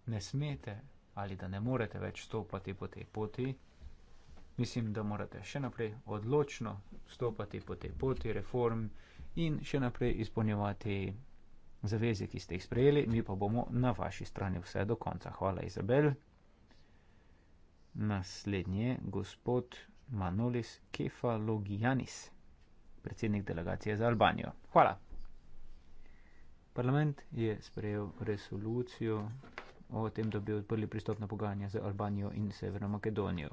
ne smete ali da ne morete več stopati po tej poti. Mislim, da morate še naprej odločno stopati po tej poti reform in še naprej izpolnjevati zaveze, ki ste jih sprejeli, mi pa bomo na vaši strani vse do konca. Hvala, Izabel. Naslednje, gospod Manolis Kefalogianis, predsednik delegacije za Albanijo. Hvala. Parlament je sprejel resolucijo o tem, da bi odprli pristopna pogajanja za Albanijo in Severno Makedonijo.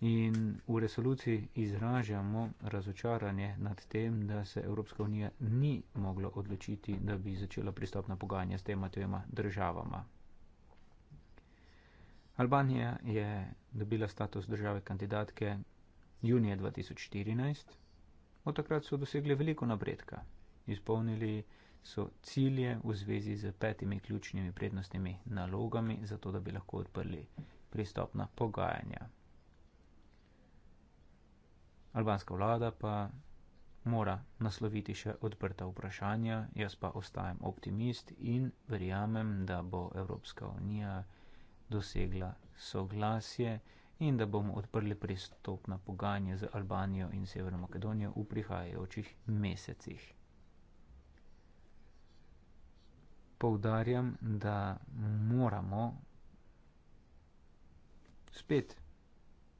In v resoluciji izražamo razočaranje nad tem, da se Evropska unija ni mogla odločiti, da bi začela pristopna pogajanja s tema dvema državama. Albanija je dobila status države kandidatke junija 2014. Od takrat so dosegli veliko napredka. Izpolnili so cilje v zvezi z petimi ključnimi prednostnimi nalogami, zato da bi lahko odprli pristopna pogajanja. Albanska vlada pa mora nasloviti še odprta vprašanja, jaz pa ostajam optimist in verjamem, da bo Evropska unija dosegla soglasje in da bomo odprli pristopna pogajanja z Albanijo in Severno Makedonijo v prihajajočih mesecih. Poudarjam, da moramo spet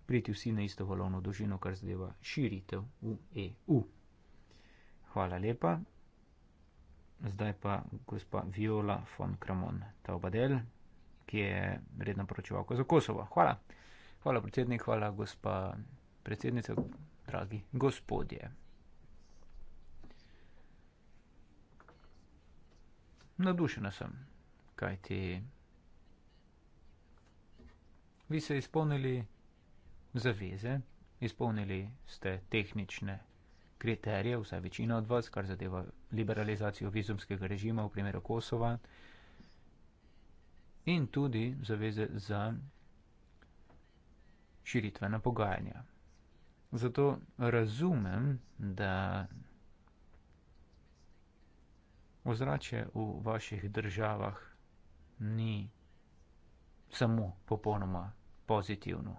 priti vsi na isto valovno dolžino, kar zadeva širitev v EU. Hvala lepa. Zdaj pa gospa Viola von Kramon Taubadel ki je redno poročevalko za Kosovo. Hvala. Hvala, predsednik, hvala, gospa predsednica, dragi gospodje. Nadušena sem, kaj ti. Vi ste izpolnili zaveze, izpolnili ste tehnične kriterije, vsaj večina od vas, kar zadeva liberalizacijo vizumskega režima v primeru Kosova in tudi zaveze za širitvena pogajanja. Zato razumem, da ozračje v vaših državah ni samo popolnoma pozitivno.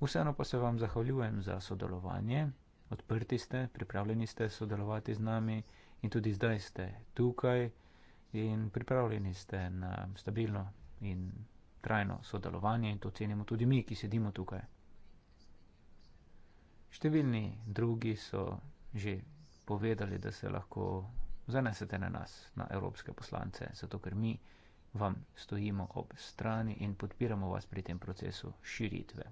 Vseeno pa se vam zahvaljujem za sodelovanje. Odprti ste, pripravljeni ste sodelovati z nami in tudi zdaj ste tukaj in pripravljeni ste na stabilno in trajno sodelovanje in to cenimo tudi mi, ki sedimo tukaj. Številni drugi so že povedali, da se lahko zanesete na nas, na evropske poslance, zato ker mi vam stojimo ob strani in podpiramo vas pri tem procesu širitve.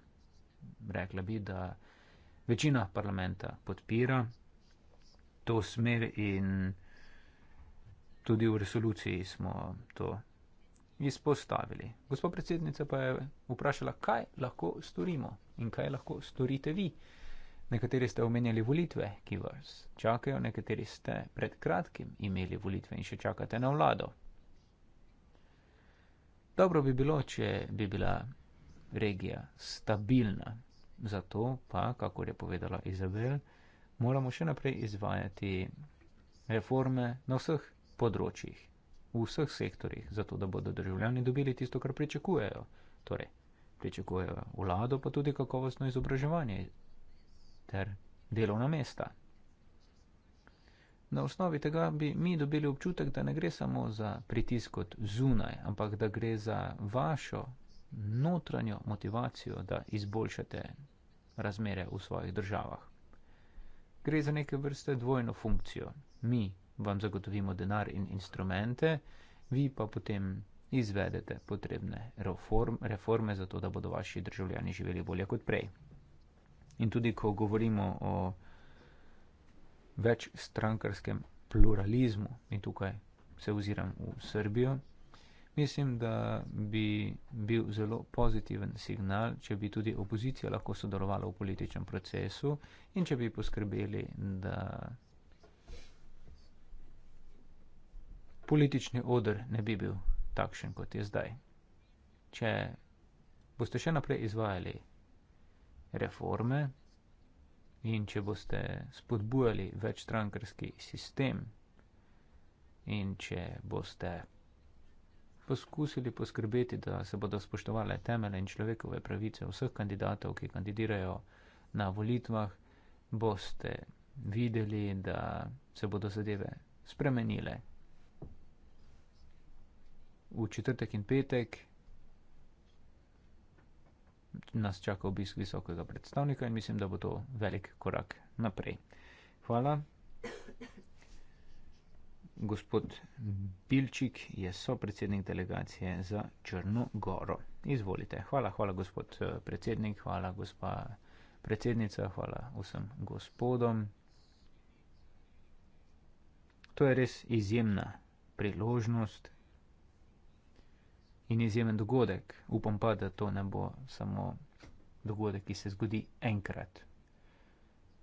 Rekla bi, da večina parlamenta podpira to smer in Tudi v resoluciji smo to izpostavili. Gospod predsednica pa je vprašala, kaj lahko storimo in kaj lahko storite vi. Nekateri ste omenjali volitve, ki vas čakajo, nekateri ste pred kratkim imeli volitve in še čakate na vlado. Dobro bi bilo, če bi bila regija stabilna. Zato pa, kako je povedala Izabel, moramo še naprej izvajati reforme na vseh področjih, v vseh sektorjih, zato da bodo državljani dobili tisto, kar pričakujejo. Torej, pričakujejo vlado, pa tudi kakovostno izobraževanje ter delovna mesta. Na osnovi tega bi mi dobili občutek, da ne gre samo za pritisk od zunaj, ampak da gre za vašo notranjo motivacijo, da izboljšate razmere v svojih državah. Gre za neke vrste dvojno funkcijo. Mi vam zagotovimo denar in instrumente, vi pa potem izvedete potrebne reform, reforme, zato da bodo vaši državljani živeli bolje kot prej. In tudi, ko govorimo o večstrankarskem pluralizmu, in tukaj se oziram v Srbijo, mislim, da bi bil zelo pozitiven signal, če bi tudi opozicija lahko sodelovala v političnem procesu in če bi poskrbeli, da politični odr ne bi bil takšen, kot je zdaj. Če boste še naprej izvajali reforme in če boste spodbujali večstrankarski sistem in če boste poskusili poskrbeti, da se bodo spoštovale temelje in človekove pravice vseh kandidatov, ki kandidirajo na volitvah, boste videli, da se bodo zadeve spremenile v četrtek in petek nas čaka obisk visokega predstavnika in mislim, da bo to velik korak naprej. Hvala. Gospod Bilčik je sopredsednik delegacije za Črno Goro. Izvolite. Hvala, hvala gospod eh, predsednik, hvala gospa predsednica, hvala vsem gospodom. To je res izjemna priložnost in izjemen dogodek. Upam pa, da to ne bo samo dogodek, ki se zgodi enkrat.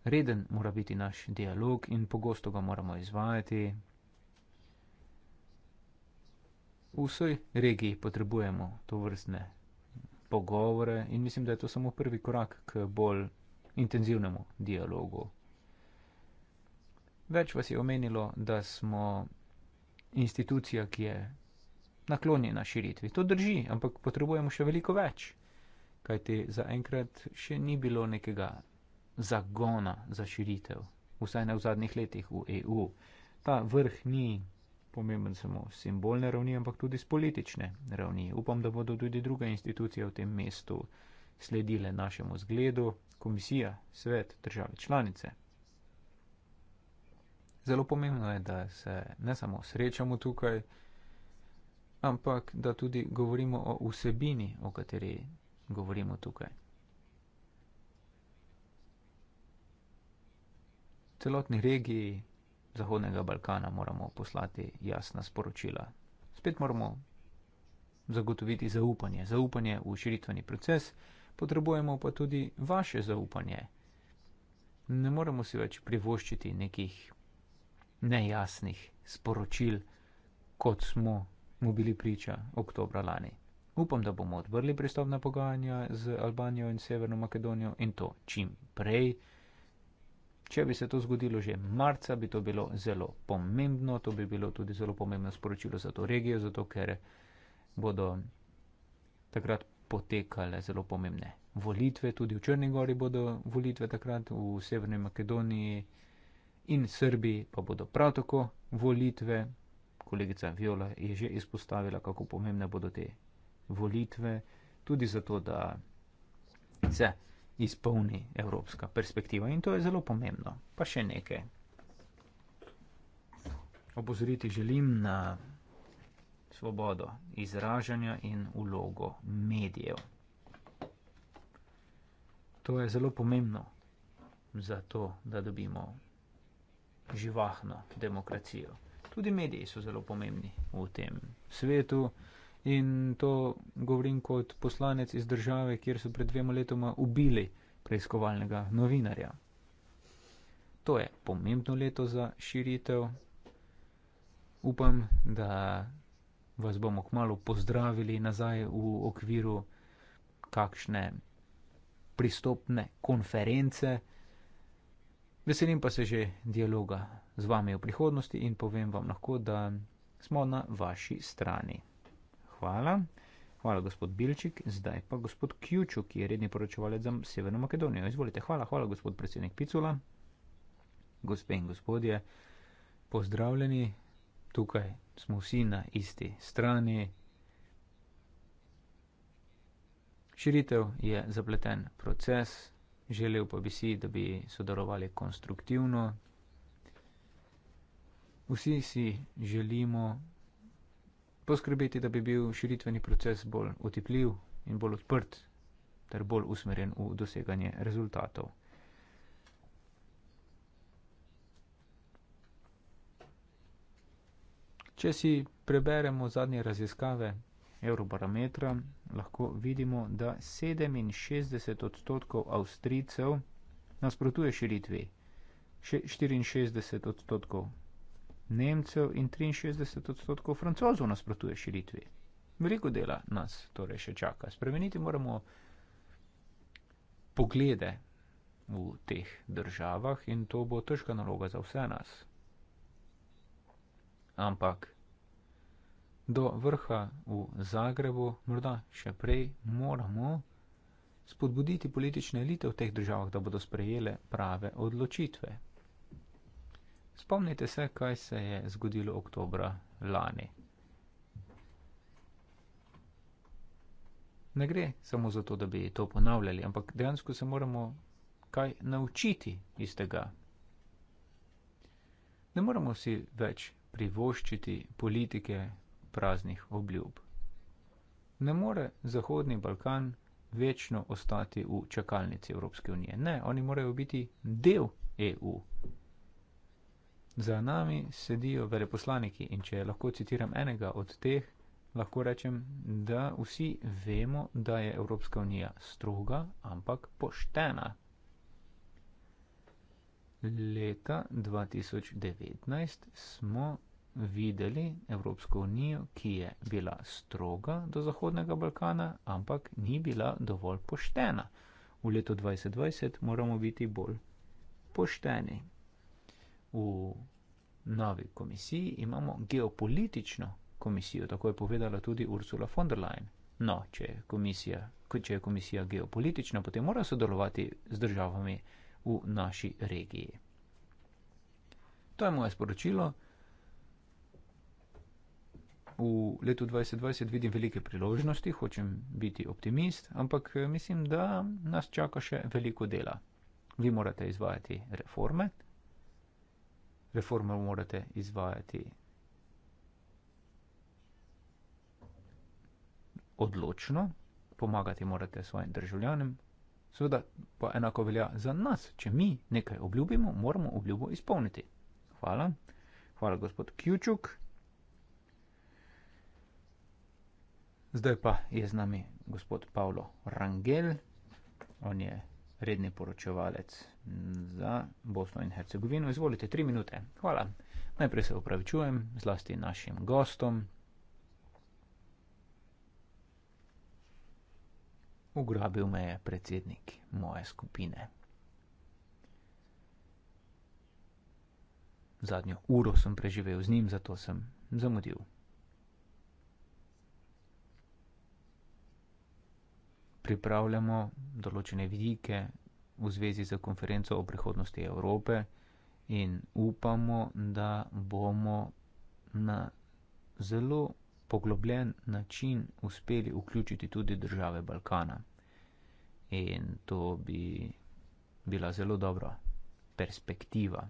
Reden mora biti naš dialog in pogosto ga moramo izvajati. V vsej regiji potrebujemo to vrstne pogovore in mislim, da je to samo prvi korak k bolj intenzivnemu dialogu. Več vas je omenilo, da smo institucija, ki je naklonjena širitvi. To drži, ampak potrebujemo še veliko več, kajti zaenkrat še ni bilo nekega zagona za širitev, vsaj ne v zadnjih letih v EU. Ta vrh ni pomemben samo z simbolne ravni, ampak tudi z politične ravni. Upam, da bodo tudi druge institucije v tem mestu sledile našemu zgledu, komisija, svet, države članice. Zelo pomembno je, da se ne samo srečamo tukaj, ampak da tudi govorimo o vsebini, o kateri govorimo tukaj. Celotni regiji Zahodnega Balkana moramo poslati jasna sporočila. Spet moramo zagotoviti zaupanje, zaupanje v širitveni proces, potrebujemo pa tudi vaše zaupanje. Ne moremo si več privoščiti nekih nejasnih sporočil, kot smo mu bili priča oktobra lani. Upam, da bomo odprli pristopna pogajanja z Albanijo in Severno Makedonijo in to čim prej. Če bi se to zgodilo že marca, bi to bilo zelo pomembno, to bi bilo tudi zelo pomembno sporočilo za to regijo, zato ker bodo takrat potekale zelo pomembne volitve, tudi v Črni gori bodo volitve takrat, v Severni Makedoniji in Srbiji pa bodo prav tako volitve kolegica Viola je že izpostavila, kako pomembne bodo te volitve, tudi zato, da se izpolni evropska perspektiva. In to je zelo pomembno. Pa še nekaj. Opozoriti želim na svobodo izražanja in ulogo medijev. To je zelo pomembno za to, da dobimo živahno demokracijo tudi mediji so zelo pomembni v tem svetu. In to govorim kot poslanec iz države, kjer so pred dvema letoma ubili preiskovalnega novinarja. To je pomembno leto za širitev. Upam, da vas bomo kmalo pozdravili nazaj v okviru kakšne pristopne konference. Veselim pa se že dialoga z vami v prihodnosti in povem vam lahko, da smo na vaši strani. Hvala. Hvala, gospod Bilčik. Zdaj pa gospod Kjuču, ki je redni poročevalec za Severno Makedonijo. Izvolite. Hvala, hvala, gospod predsednik Picula. Gospe in gospodje, pozdravljeni. Tukaj smo vsi na isti strani. Širitev je zapleten proces. Želel pa bi si, da bi sodelovali konstruktivno, vsi si želimo poskrbeti, da bi bil širitveni proces bolj otipljiv in bolj odprt ter bolj usmerjen v doseganje rezultatov. Če si preberemo zadnje raziskave Eurobarometra, lahko vidimo, da 67 odstotkov Avstrijcev nasprotuje širitvi, še 64 odstotkov Nemcev in 63 odstotkov Francozov nasprotuje širitvi. Veliko dela nas torej še čaka. Spremeniti moramo poglede v teh državah in to bo težka naloga za vse nas. Ampak do vrha v Zagrebu, morda še prej, moramo spodbuditi politične elite v teh državah, da bodo sprejele prave odločitve. Spomnite se, kaj se je zgodilo oktobra lani. Ne gre samo za to, da bi to ponavljali, ampak dejansko se moramo kaj naučiti iz tega. Ne moramo si več privoščiti politike praznih obljub. Ne more Zahodni Balkan večno ostati v čakalnici Evropske unije. Ne, oni morajo biti del EU. Za nami sedijo veleposlaniki in če lahko citiram enega od teh, lahko rečem, da vsi vemo, da je Evropska unija stroga, ampak poštena. Leta 2019 smo videli Evropsko unijo, ki je bila stroga do Zahodnega Balkana, ampak ni bila dovolj poštena. V letu 2020 moramo biti bolj pošteni v novi komisiji imamo geopolitično komisijo, tako je povedala tudi Ursula von der Leyen. No, če je komisija, če je komisija geopolitična, potem mora sodelovati z državami v naši regiji. To je moje sporočilo. V letu 2020 vidim velike priložnosti, hočem biti optimist, ampak eh, mislim, da nas čaka še veliko dela. Vi morate izvajati reforme, reformo morate izvajati odločno, pomagati morate svojim državljanem. Seveda pa enako velja za nas. Če mi nekaj obljubimo, moramo obljubo izpolniti. Hvala. Hvala, gospod Kjučuk. Zdaj pa je z nami gospod Pavlo Rangel. On je redni poročevalec za Bosno in Hercegovino. Izvolite, tri minute. Hvala. Najprej se upravičujem zlasti našim gostom. Ugrabil me je predsednik moje skupine. Zadnjo uro sem preživel z njim, zato sem zamudil. Pripravljamo določene vidike v zvezi z konferenco o prihodnosti Evrope in upamo, da bomo na zelo poglobljen način uspeli vključiti tudi države Balkana. In to bi bila zelo dobra perspektiva,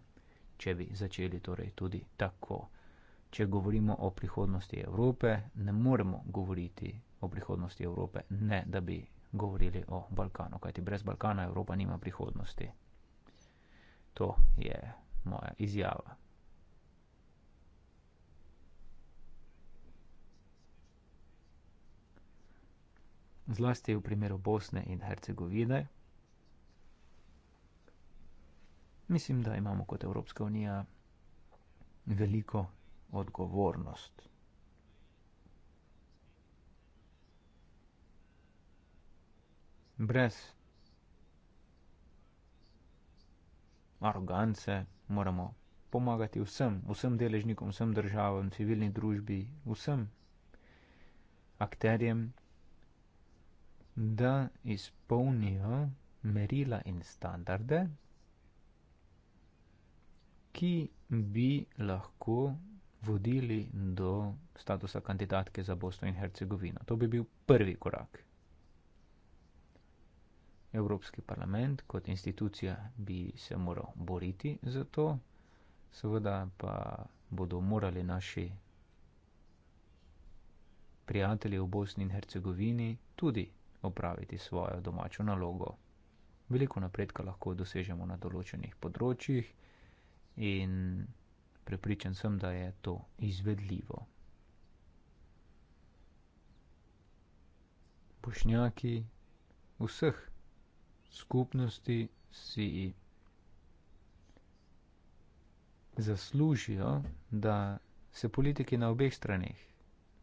če bi začeli torej tudi tako. Če govorimo o prihodnosti Evrope, ne moremo govoriti o prihodnosti Evrope, ne da bi govorili o Balkanu, kajti brez Balkana Evropa nima prihodnosti. To je moja izjava. Zlasti v primeru Bosne in Hercegovine. Mislim, da imamo kot Evropska unija veliko odgovornost. brez arogance, moramo pomagati vsem, vsem deležnikom, vsem državam, civilni družbi, vsem akterjem, da izpolnijo merila in standarde, ki bi lahko vodili do statusa kandidatke za Bosno in Hercegovino. To bi bil prvi korak. Evropski parlament kot institucija bi se moral boriti za to, seveda pa bodo morali naši prijatelji v Bosni in Hercegovini tudi opraviti svojo domačo nalogo. Veliko napredka lahko dosežemo na določenih področjih in prepričan sem, da je to izvedljivo. Bošnjaki vseh skupnosti SIE. Zaslužijo, da se politiki na obeh straneh,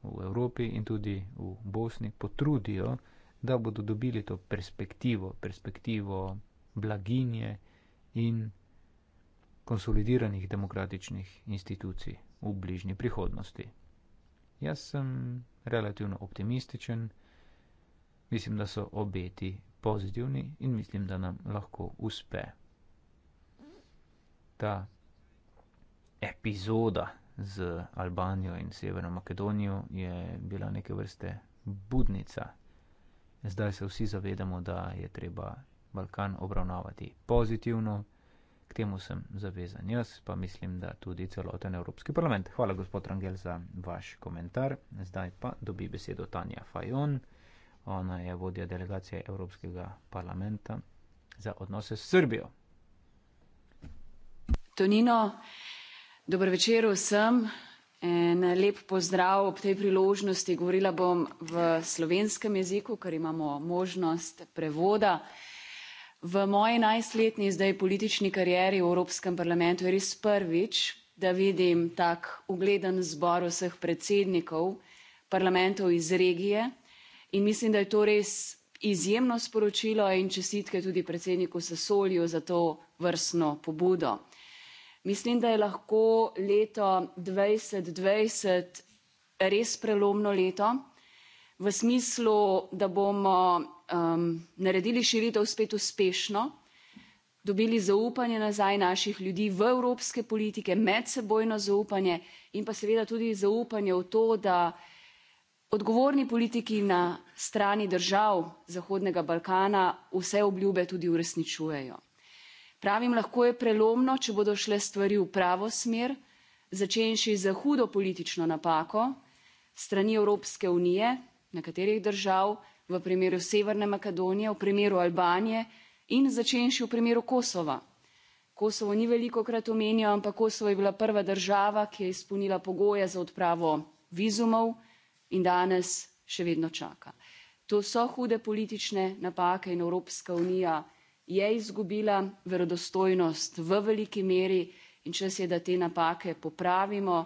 v Evropi in tudi v Bosni, potrudijo, da bodo dobili to perspektivo, perspektivo blaginje in konsolidiranih demokratičnih institucij v bližnji prihodnosti. Jaz sem relativno optimističen, mislim, da so obeti pozitivni in mislim, da nam lahko uspe. Ta epizoda z Albanijo in Severno Makedonijo je bila neke vrste budnica. Zdaj se vsi zavedamo, da je treba Balkan obravnavati pozitivno. K temu sem zavezan jaz, pa mislim, da tudi celoten Evropski parlament. Hvala, gospod Rangel, za vaš komentar. Zdaj pa dobi besedo Tanja Fajon. Ona je vodja delegacije Evropskega parlamenta za odnose s Srbijo. Tonino, dober večer vsem. En lep pozdrav ob tej priložnosti. Govorila bom v slovenskem jeziku, ker imamo možnost prevoda. V moji najstletni zdaj politični karieri v Evropskem parlamentu je res prvič, da vidim tak ugleden zbor vseh predsednikov parlamentov iz regije in mislim, da je to res izjemno sporočilo in čestitke tudi predsedniku Sesolju za to vrstno pobudo. Mislim, da je lahko leto 2020 res prelomno leto v smislu, da bomo um, naredili širitev spet uspešno, dobili zaupanje nazaj naših ljudi v evropske politike, medsebojno zaupanje in pa seveda tudi zaupanje v to, da odgovorni politiki na strani držav Zahodnega Balkana vse obljube tudi uresničujejo. Pravim, lahko je prelomno, če bodo šle stvari v pravo smer, začenši z hudo politično napako strani Evropske unije, nekaterih držav, v primeru Severne Makedonije, v primeru Albanije in začenši v primeru Kosova. Kosovo ni veliko krat omenjal, ampak Kosovo je bila prva država, ki je izpolnila pogoje za odpravo vizumov, in danes še vedno čaka. To so hude politične napake in Evropska unija je izgubila verodostojnost v veliki meri in čas je, da te napake popravimo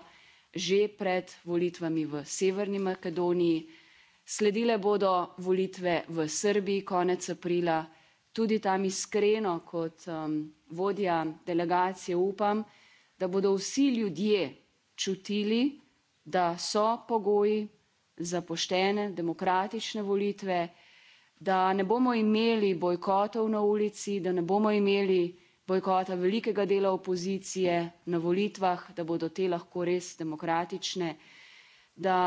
že pred volitvami v Severni Makedoniji. Sledile bodo volitve v Srbiji konec aprila. Tudi tam iskreno kot um, vodja delegacije upam, da bodo vsi ljudje čutili, da so pogoji za poštene demokratične volitve da ne bomo imeli bojkotov na ulici da ne bomo imeli bojkota velikega dela opozicije na volitvah da bodo te lahko res demokratične da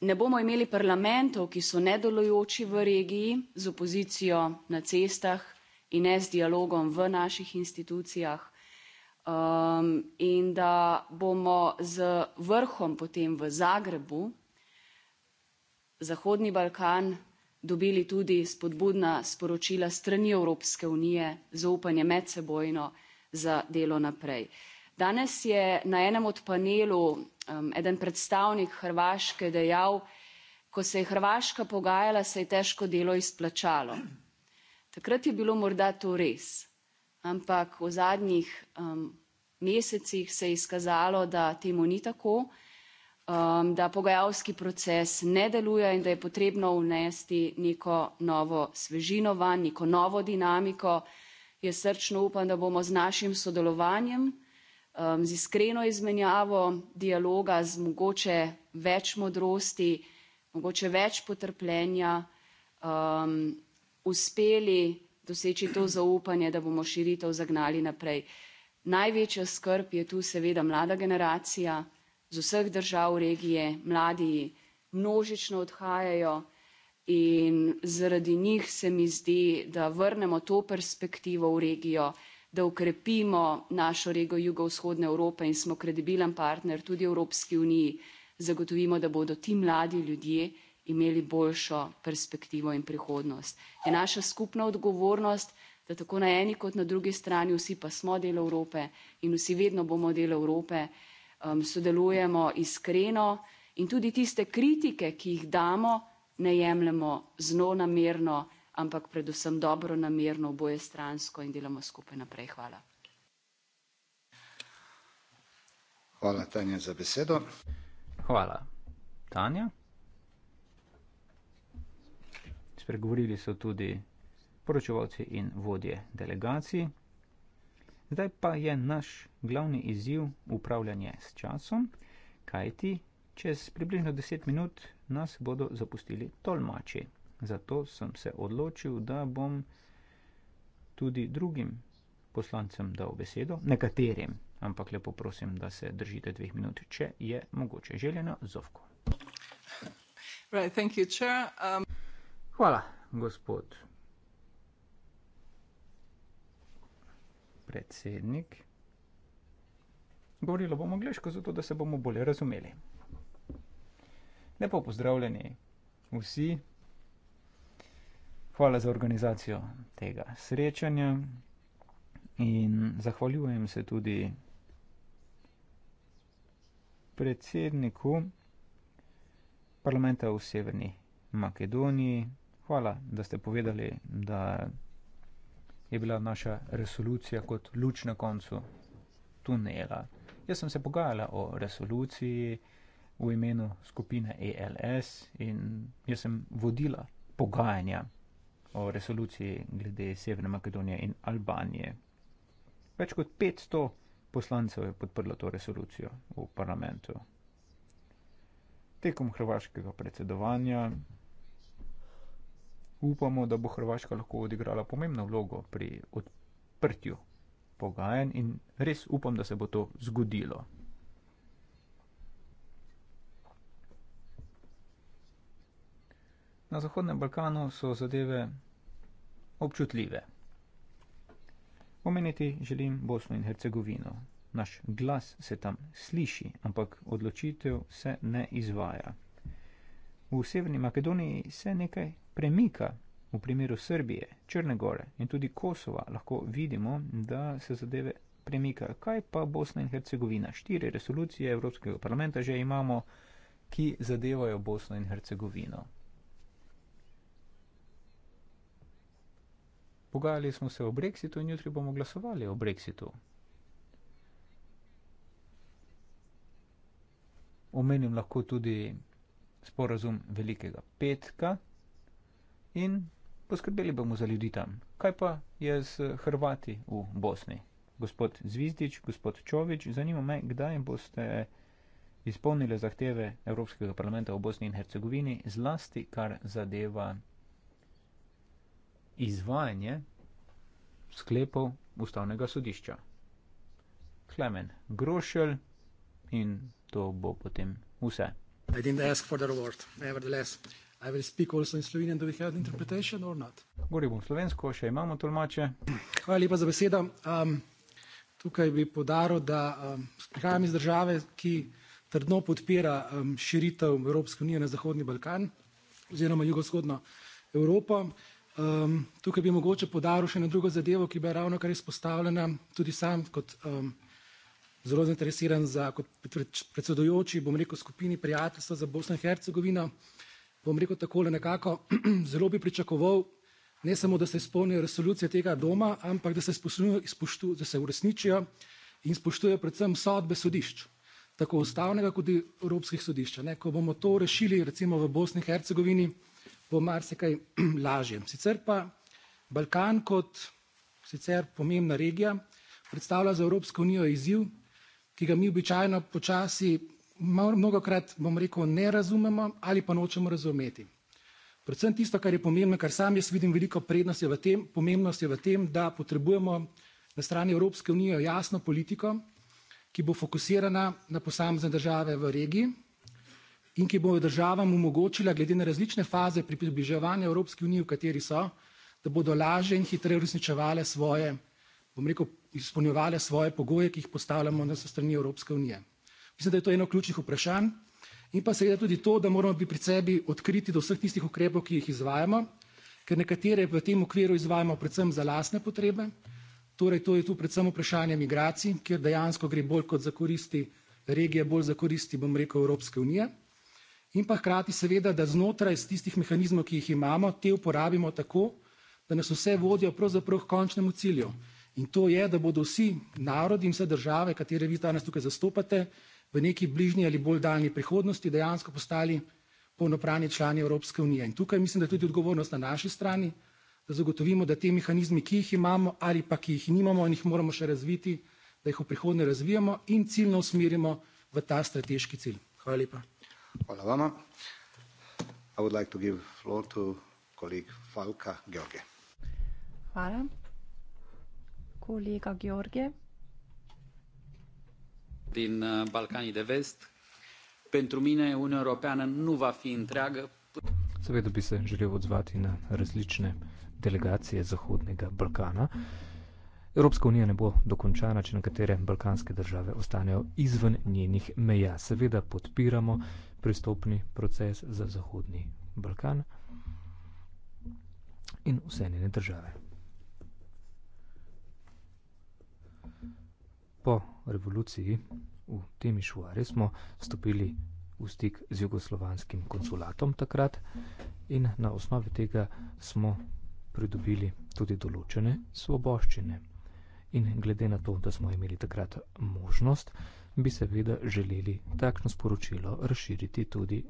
ne bomo imeli parlamentov ki so nedelujoči v regiji z opozicijo na cestah in ne z dialogom v naših institucijah um, in da bomo z vrhom potem v zagrebu zahodni balkan dobili tudi spodbudna sporočila strani evropske unije zaupanje medsebojno za delo naprej. danes je na enem od panelov um, eden predstavnik hrvaške dejal ko se je hrvaška pogajala se je težko delo izplačalo takrat je bilo morda to res ampak v zadnjih um, mesecih se je izkazalo da temu ni tako Um, da pogajalski proces ne deluje in da je potrebno vnesti neko novo svežino vanj neko novo dinamiko jaz srčno upam da bomo z našim sodelovanjem um, z iskreno izmenjavo dialoga z mogoče več modrosti mogoče več potrpljenja um, uspeli doseči to zaupanje da bomo širitev zagnali naprej največja skrb je tu seveda mlada generacija z vseh držav regije mladi množično odhajajo in zaradi njih se mi zdi da vrnemo to perspektivo v regijo da ukrepimo našo regijo jugovzhodne evrope in smo kredibilen partner tudi evropski uniji zagotovimo da bodo ti mladi ljudje imeli boljšo perspektivo in prihodnost. je naša skupna odgovornost da tako na eni kot na drugi strani vsi pa smo del evrope in vsi vedno bomo del evrope Um, sodelujemo iskreno in tudi tiste kritike, ki jih damo, ne jemljemo zlonamerno, ampak predvsem dobronamerno, obojestransko in delamo skupaj naprej. Hvala. Hvala, Tanja, za besedo. Hvala. Tanja? Spregovorili so tudi poročevalci in vodje delegacij. Zdaj pa je naš glavni izziv upravljanje s časom, kajti čez približno 10 minut nas bodo zapustili tolmači. Zato sem se odločil, da bom tudi drugim poslancem dal besedo, nekaterim, ampak lepo prosim, da se držite dveh minut, če je mogoče željeno, zovko. Right, thank you, chair. Um... Hvala, gospod predsednik. Govorilo bom angliško, zato da se bomo bolje razumeli. Lepo pozdravljeni vsi. Hvala za organizacijo tega srečanja in zahvaljujem se tudi predsedniku parlamenta v Severni Makedoniji. Hvala, da ste povedali, da je bila naša resolucija kot luč na koncu tunela. Jaz sem se pogajala o resoluciji v imenu skupine ALS in jaz sem vodila pogajanja o resoluciji glede Severne Makedonije in Albanije. Več kot 500 poslancev je podprlo to resolucijo v parlamentu. Tekom hrvaškega predsedovanja upamo, da bo Hrvaška lahko odigrala pomembno vlogo pri odprtju pogajen in res upam, da se bo to zgodilo. Na Zahodnem Balkanu so zadeve občutljive. Omeniti želim Bosno in Hercegovino. Naš glas se tam sliši, ampak odločitev se ne izvaja. V Severni Makedoniji se nekaj premika v primeru Srbije, Črne Gore in tudi Kosova, lahko vidimo, da se zadeve premikajo. Kaj pa Bosna in Hercegovina? Štiri resolucije Evropskega parlamenta že imamo, ki zadevajo Bosno in Hercegovino. Pogajali smo se o Brexitu in jutri bomo glasovali o Brexitu. Omenim lahko tudi sporazum velikega petka in poskrbeli bomo za ljudi tam. Kaj pa je z Hrvati v Bosni? Gospod Zvizdič, gospod Čovič, zanima me, kdaj boste izpolnili zahteve Evropskega parlamenta v Bosni in Hercegovini, zlasti kar zadeva izvajanje sklepov ustavnega sodišča. Klemen Grošelj in to bo potem vse. I didn't ask for the reward, nevertheless. I will speak also in Slovenian. Do we have an interpretation or not? Govorim v slovensko, še imamo tolmače. Hvala lepa za besedo. Um, tukaj bi podaril, da um, prihajam iz države, ki trdno podpira um, širitev Evropske unije na Zahodni Balkan oziroma jugovzhodno Evropo. Um, tukaj bi mogoče podaril še na drugo zadevo, ki bi je ravno kar izpostavljena tudi sam kot um, zelo zainteresiran za kot predsedujoči, bom rekel, skupini prijateljstva za Bosno in Hercegovino bom rekel takole nekako, zelo bi pričakoval, ne samo, da se izpolnijo resolucije tega doma, ampak da se, da se uresničijo in spoštujejo predvsem sodbe sodišč, tako ustavnega kot evropskih sodišč. Ko bomo to rešili recimo v Bosni in Hercegovini, bo marsikaj lažje. Sicer pa Balkan kot sicer pomembna regija predstavlja za Evropsko unijo izziv, ki ga mi običajno počasi mnogokrat, bom rekel, ne razumemo ali pa nočemo razumeti. Predvsem tisto, kar je pomembno, kar sam jaz vidim veliko prednosti v tem, pomembnosti v tem, da potrebujemo na strani Evropske unije jasno politiko, ki bo fokusirana na posamezne države v regiji in ki bo državam omogočila, glede na različne faze pri približevanju Evropske unije, v kateri so, da bodo lažje in hitreje uresničevale svoje, bom rekel, izpolnjevale svoje pogoje, ki jih postavljamo na strani Evropske unije. Mislim, da je to eno ključnih vprašanj. In pa seveda tudi to, da moramo biti pri sebi odkriti do vseh tistih ukrepov, ki jih izvajamo, ker nekatere v tem okviru izvajamo predvsem za lasne potrebe. Torej, to je tu predvsem vprašanje migracij, kjer dejansko gre bolj kot za koristi regije, bolj za koristi, bom rekel, Evropske unije. In pa hkrati seveda, da znotraj z tistih mehanizmov, ki jih imamo, te uporabimo tako, da nas vse vodijo pravzaprav k končnemu cilju. In to je, da bodo vsi narodi in vse države, katere vi danes tukaj zastopate, v neki bližnji ali bolj daljni prihodnosti dejansko postali polnopravni člani Evropske unije. In tukaj mislim, da je tudi odgovornost na naši strani, da zagotovimo, da te mehanizmi, ki jih imamo ali pa ki jih nimamo in jih moramo še razviti, da jih v prihodnje razvijamo in ciljno usmerimo v ta strateški cilj. Hvala lepa. Hvala vama. I would like to give floor to colleague Falka George. Hvala. Kolega George din uh, Balcanii de Vest. Pentru mine Uniunea Europeană nu va fi întreagă. Seveda bi se želel odzvati na različne delegacije Zahodnega Balkana. Evropska unija ne bo dokončana, če nekatere balkanske države ostanejo izven njenih meja. Seveda podpiramo pristopni proces za Zahodni Balkan in vse njene države. po revoluciji v Temišvare smo stopili v stik z jugoslovanskim konsulatom takrat in na osnovi tega smo pridobili tudi določene svoboščine. In glede na to, da smo imeli takrat možnost, bi seveda želeli takšno sporočilo razširiti tudi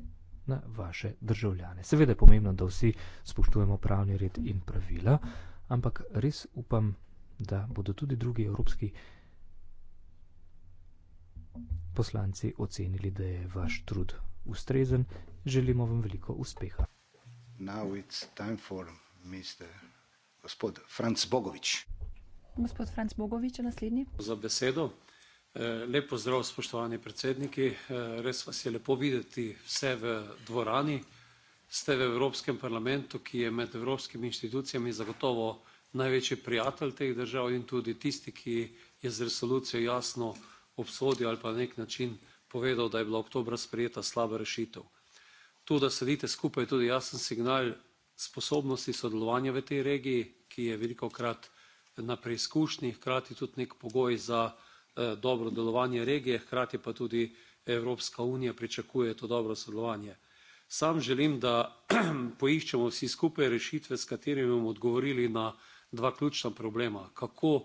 na vaše državljane. Seveda je pomembno, da vsi spoštujemo pravni red in pravila, ampak res upam, da bodo tudi drugi evropski državljani poslanci ocenili, da je vaš trud ustrezen. Želimo vam veliko uspeha. Now it's time for Mr. Gospod Franc Bogovič. Gospod Franc Bogovič, naslednji. Za besedo. Eh, lep pozdrav, spoštovani predsedniki. Eh, res vas je lepo videti vse v dvorani. Ste v Evropskem parlamentu, ki je med evropskimi inštitucijami zagotovo največji prijatelj teh držav in tudi tisti, ki je z resolucijo jasno obsodil ali pa na nek način povedal, da je bila oktobra sprejeta slaba rešitev. Tu, da sedite skupaj, je tudi jasen signal sposobnosti sodelovanja v tej regiji, ki je veliko krat na preizkušnji, hkrati tudi nek pogoj za eh, dobro delovanje regije, hkrati pa tudi Evropska unija pričakuje to dobro sodelovanje. Sam želim, da poiščemo vsi skupaj rešitve, s katerimi bomo odgovorili na dva ključna problema. Kako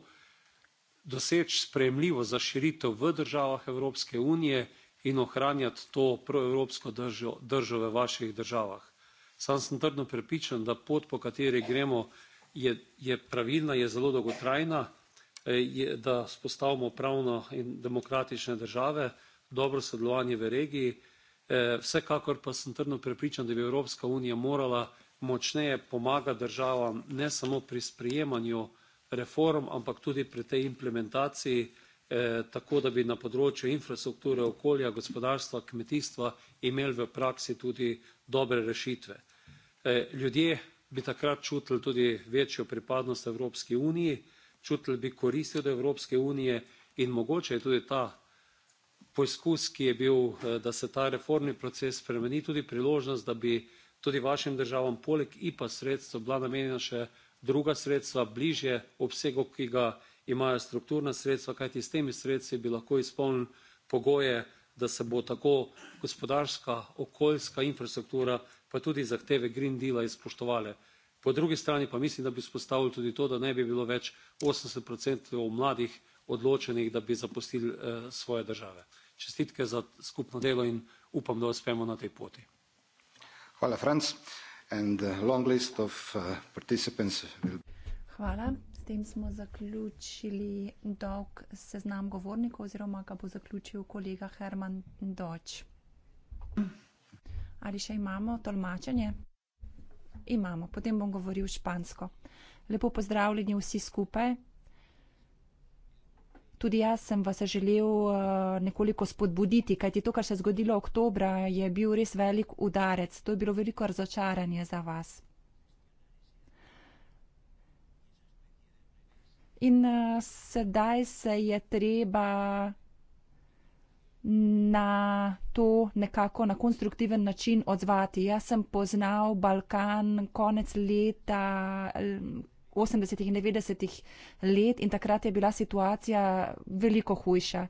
doseči sprejemljivo za širitev v državah evropske unije in ohranjati to proevropsko držo, držo v vaših državah. Sam sem trdno prepričan, da pot, po kateri gremo, je, je pravilna, je zelo dolgotrajna, eh, je, da spostavimo pravno in demokratične države, dobro sodelovanje v regiji, eh, vsekakor pa sem trdno prepričan, da bi Evropska unija morala močneje pomagati državam ne samo pri sprejemanju reform ampak tudi pri tej implementaciji eh, tako da bi na področju infrastrukture okolja gospodarstva kmetijstva imeli v praksi tudi dobre rešitve. Eh, ljudje bi takrat čutili tudi večjo pripadnost evropski uniji čutili bi koristi od evropske unije in mogoče je tudi ta poizkus ki je bil eh, da se ta reformni proces spremeni tudi priložnost da bi tudi vašim državam poleg ipa sredstev bila namenjena še druga sredstva bližje obsegu, ki ga imajo strukturna sredstva, kajti s temi sredstvi bi lahko izpolnili pogoje, da se bo tako gospodarska, okoljska infrastruktura, pa tudi zahteve Green Deala izpoštovale. Po drugi strani pa mislim, da bi spostavili tudi to, da ne bi bilo več 80% mladih odločenih, da bi zapustili eh, svoje države. Čestitke za skupno delo in upam, da uspemo na tej poti. Hvala, Franc. Uh, Hvala. S tem smo zaključili dolg seznam govornikov oziroma ga bo zaključil kolega Herman Doč. Ali še imamo tolmačenje? Imamo, potem bom govoril špansko. Lepo pozdravljeni vsi skupaj. Tudi jaz sem vas želel eh, nekoliko spodbuditi, kajti to, kar se je zgodilo oktobra, je bil res velik udarec. To je bilo veliko razočaranje za vas. In eh, sedaj se je treba na to nekako na konstruktiven način odzvati. Jaz sem poznal Balkan konec leta, 80. in 90. let in takrat je bila situacija veliko hujša.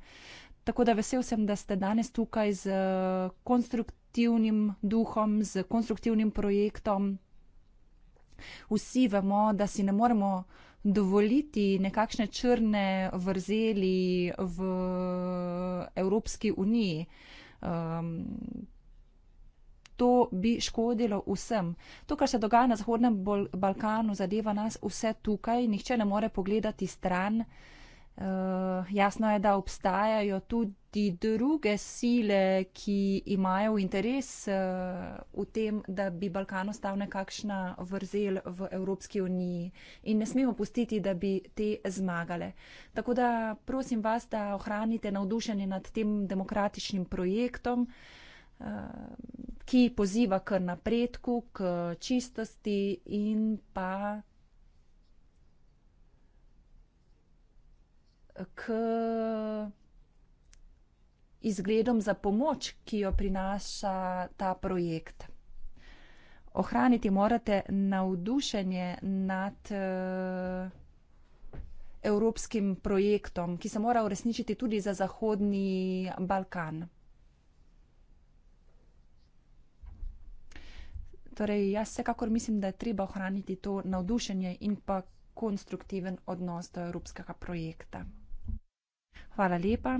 Tako da vesel sem, da ste danes tukaj z konstruktivnim duhom, z konstruktivnim projektom. Vsi vemo, da si ne moremo dovoliti nekakšne črne vrzeli v Evropski uniji. Um, to bi škodilo vsem. To, kar se dogaja na Zahodnem Balkanu, zadeva nas vse tukaj, nihče ne more pogledati stran. Eh, jasno je, da obstajajo tudi druge sile, ki imajo interes eh, v tem, da bi Balkan ostal nekakšna vrzel v Evropski uniji in ne smemo pustiti, da bi te zmagale. Tako da prosim vas, da ohranite navdušenje nad tem demokratičnim projektom. Eh, ki poziva k napredku, k čistosti in pa k izgledom za pomoč, ki jo prinaša ta projekt. Ohraniti morate navdušenje nad eh, evropskim projektom, ki se mora uresničiti tudi za Zahodni Balkan. Torej, jaz vsekakor mislim, da je treba ohraniti to navdušenje in pa konstruktiven odnos do evropskega projekta. Hvala lepa.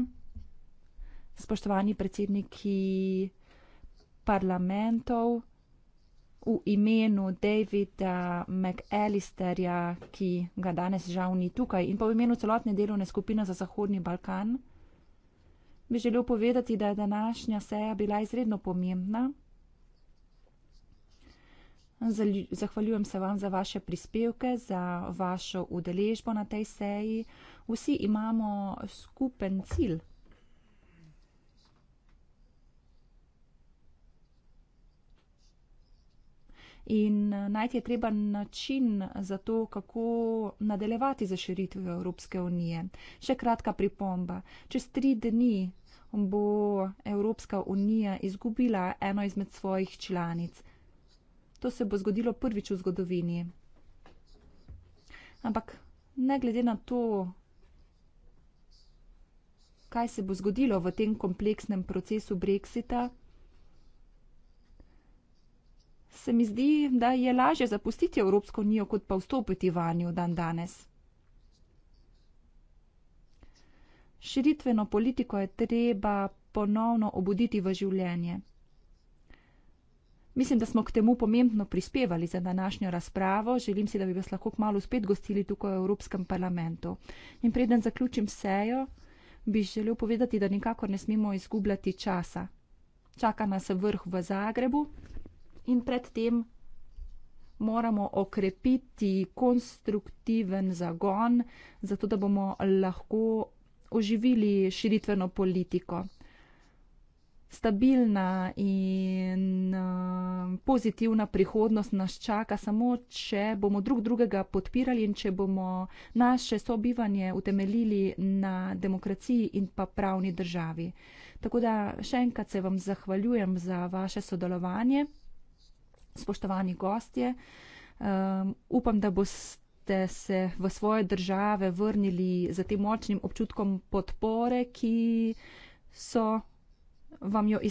Spoštovani predsedniki parlamentov, v imenu Davida McAllisterja, ki ga danes žal ni tukaj, in pa v imenu celotne delovne skupine za Zahodni Balkan, bi želel povedati, da je današnja seja bila izredno pomembna. Zahvaljujem se vam za vaše prispevke, za vašo udeležbo na tej seji. Vsi imamo skupen cilj. In eh, najti je treba način za to, kako nadaljevati za širitev Evropske unije. Še kratka pripomba. Čez tri dni bo Evropska unija izgubila eno izmed svojih članic. To se bo zgodilo prvič v zgodovini. Ampak ne glede na to, kaj se bo zgodilo v tem kompleksnem procesu Brexita, se mi zdi, da je lažje zapustiti Evropsko unijo, kot pa vstopiti v njo dan danes. Širitveno politiko je treba ponovno obuditi v življenje. Mislim, da smo k temu pomembno prispevali za današnjo razpravo. Želim si, da bi vas lahko kmalo spet gostili tukaj v Evropskem parlamentu. In preden zaključim sejo, bi želel povedati, da nikakor ne smemo izgubljati časa. Čaka nas vrh v Zagrebu in predtem moramo okrepiti konstruktiven zagon, zato da bomo lahko oživili širitveno politiko stabilna in um, pozitivna prihodnost nas čaka, samo če bomo drug drugega podpirali in če bomo naše sobivanje utemeljili na demokraciji in pa pravni državi. Tako da še enkrat se vam zahvaljujem za vaše sodelovanje, spoštovani gostje. Um, upam, da boste se v svoje države vrnili z tem močnim občutkom podpore, ki so vam jo izpostavim.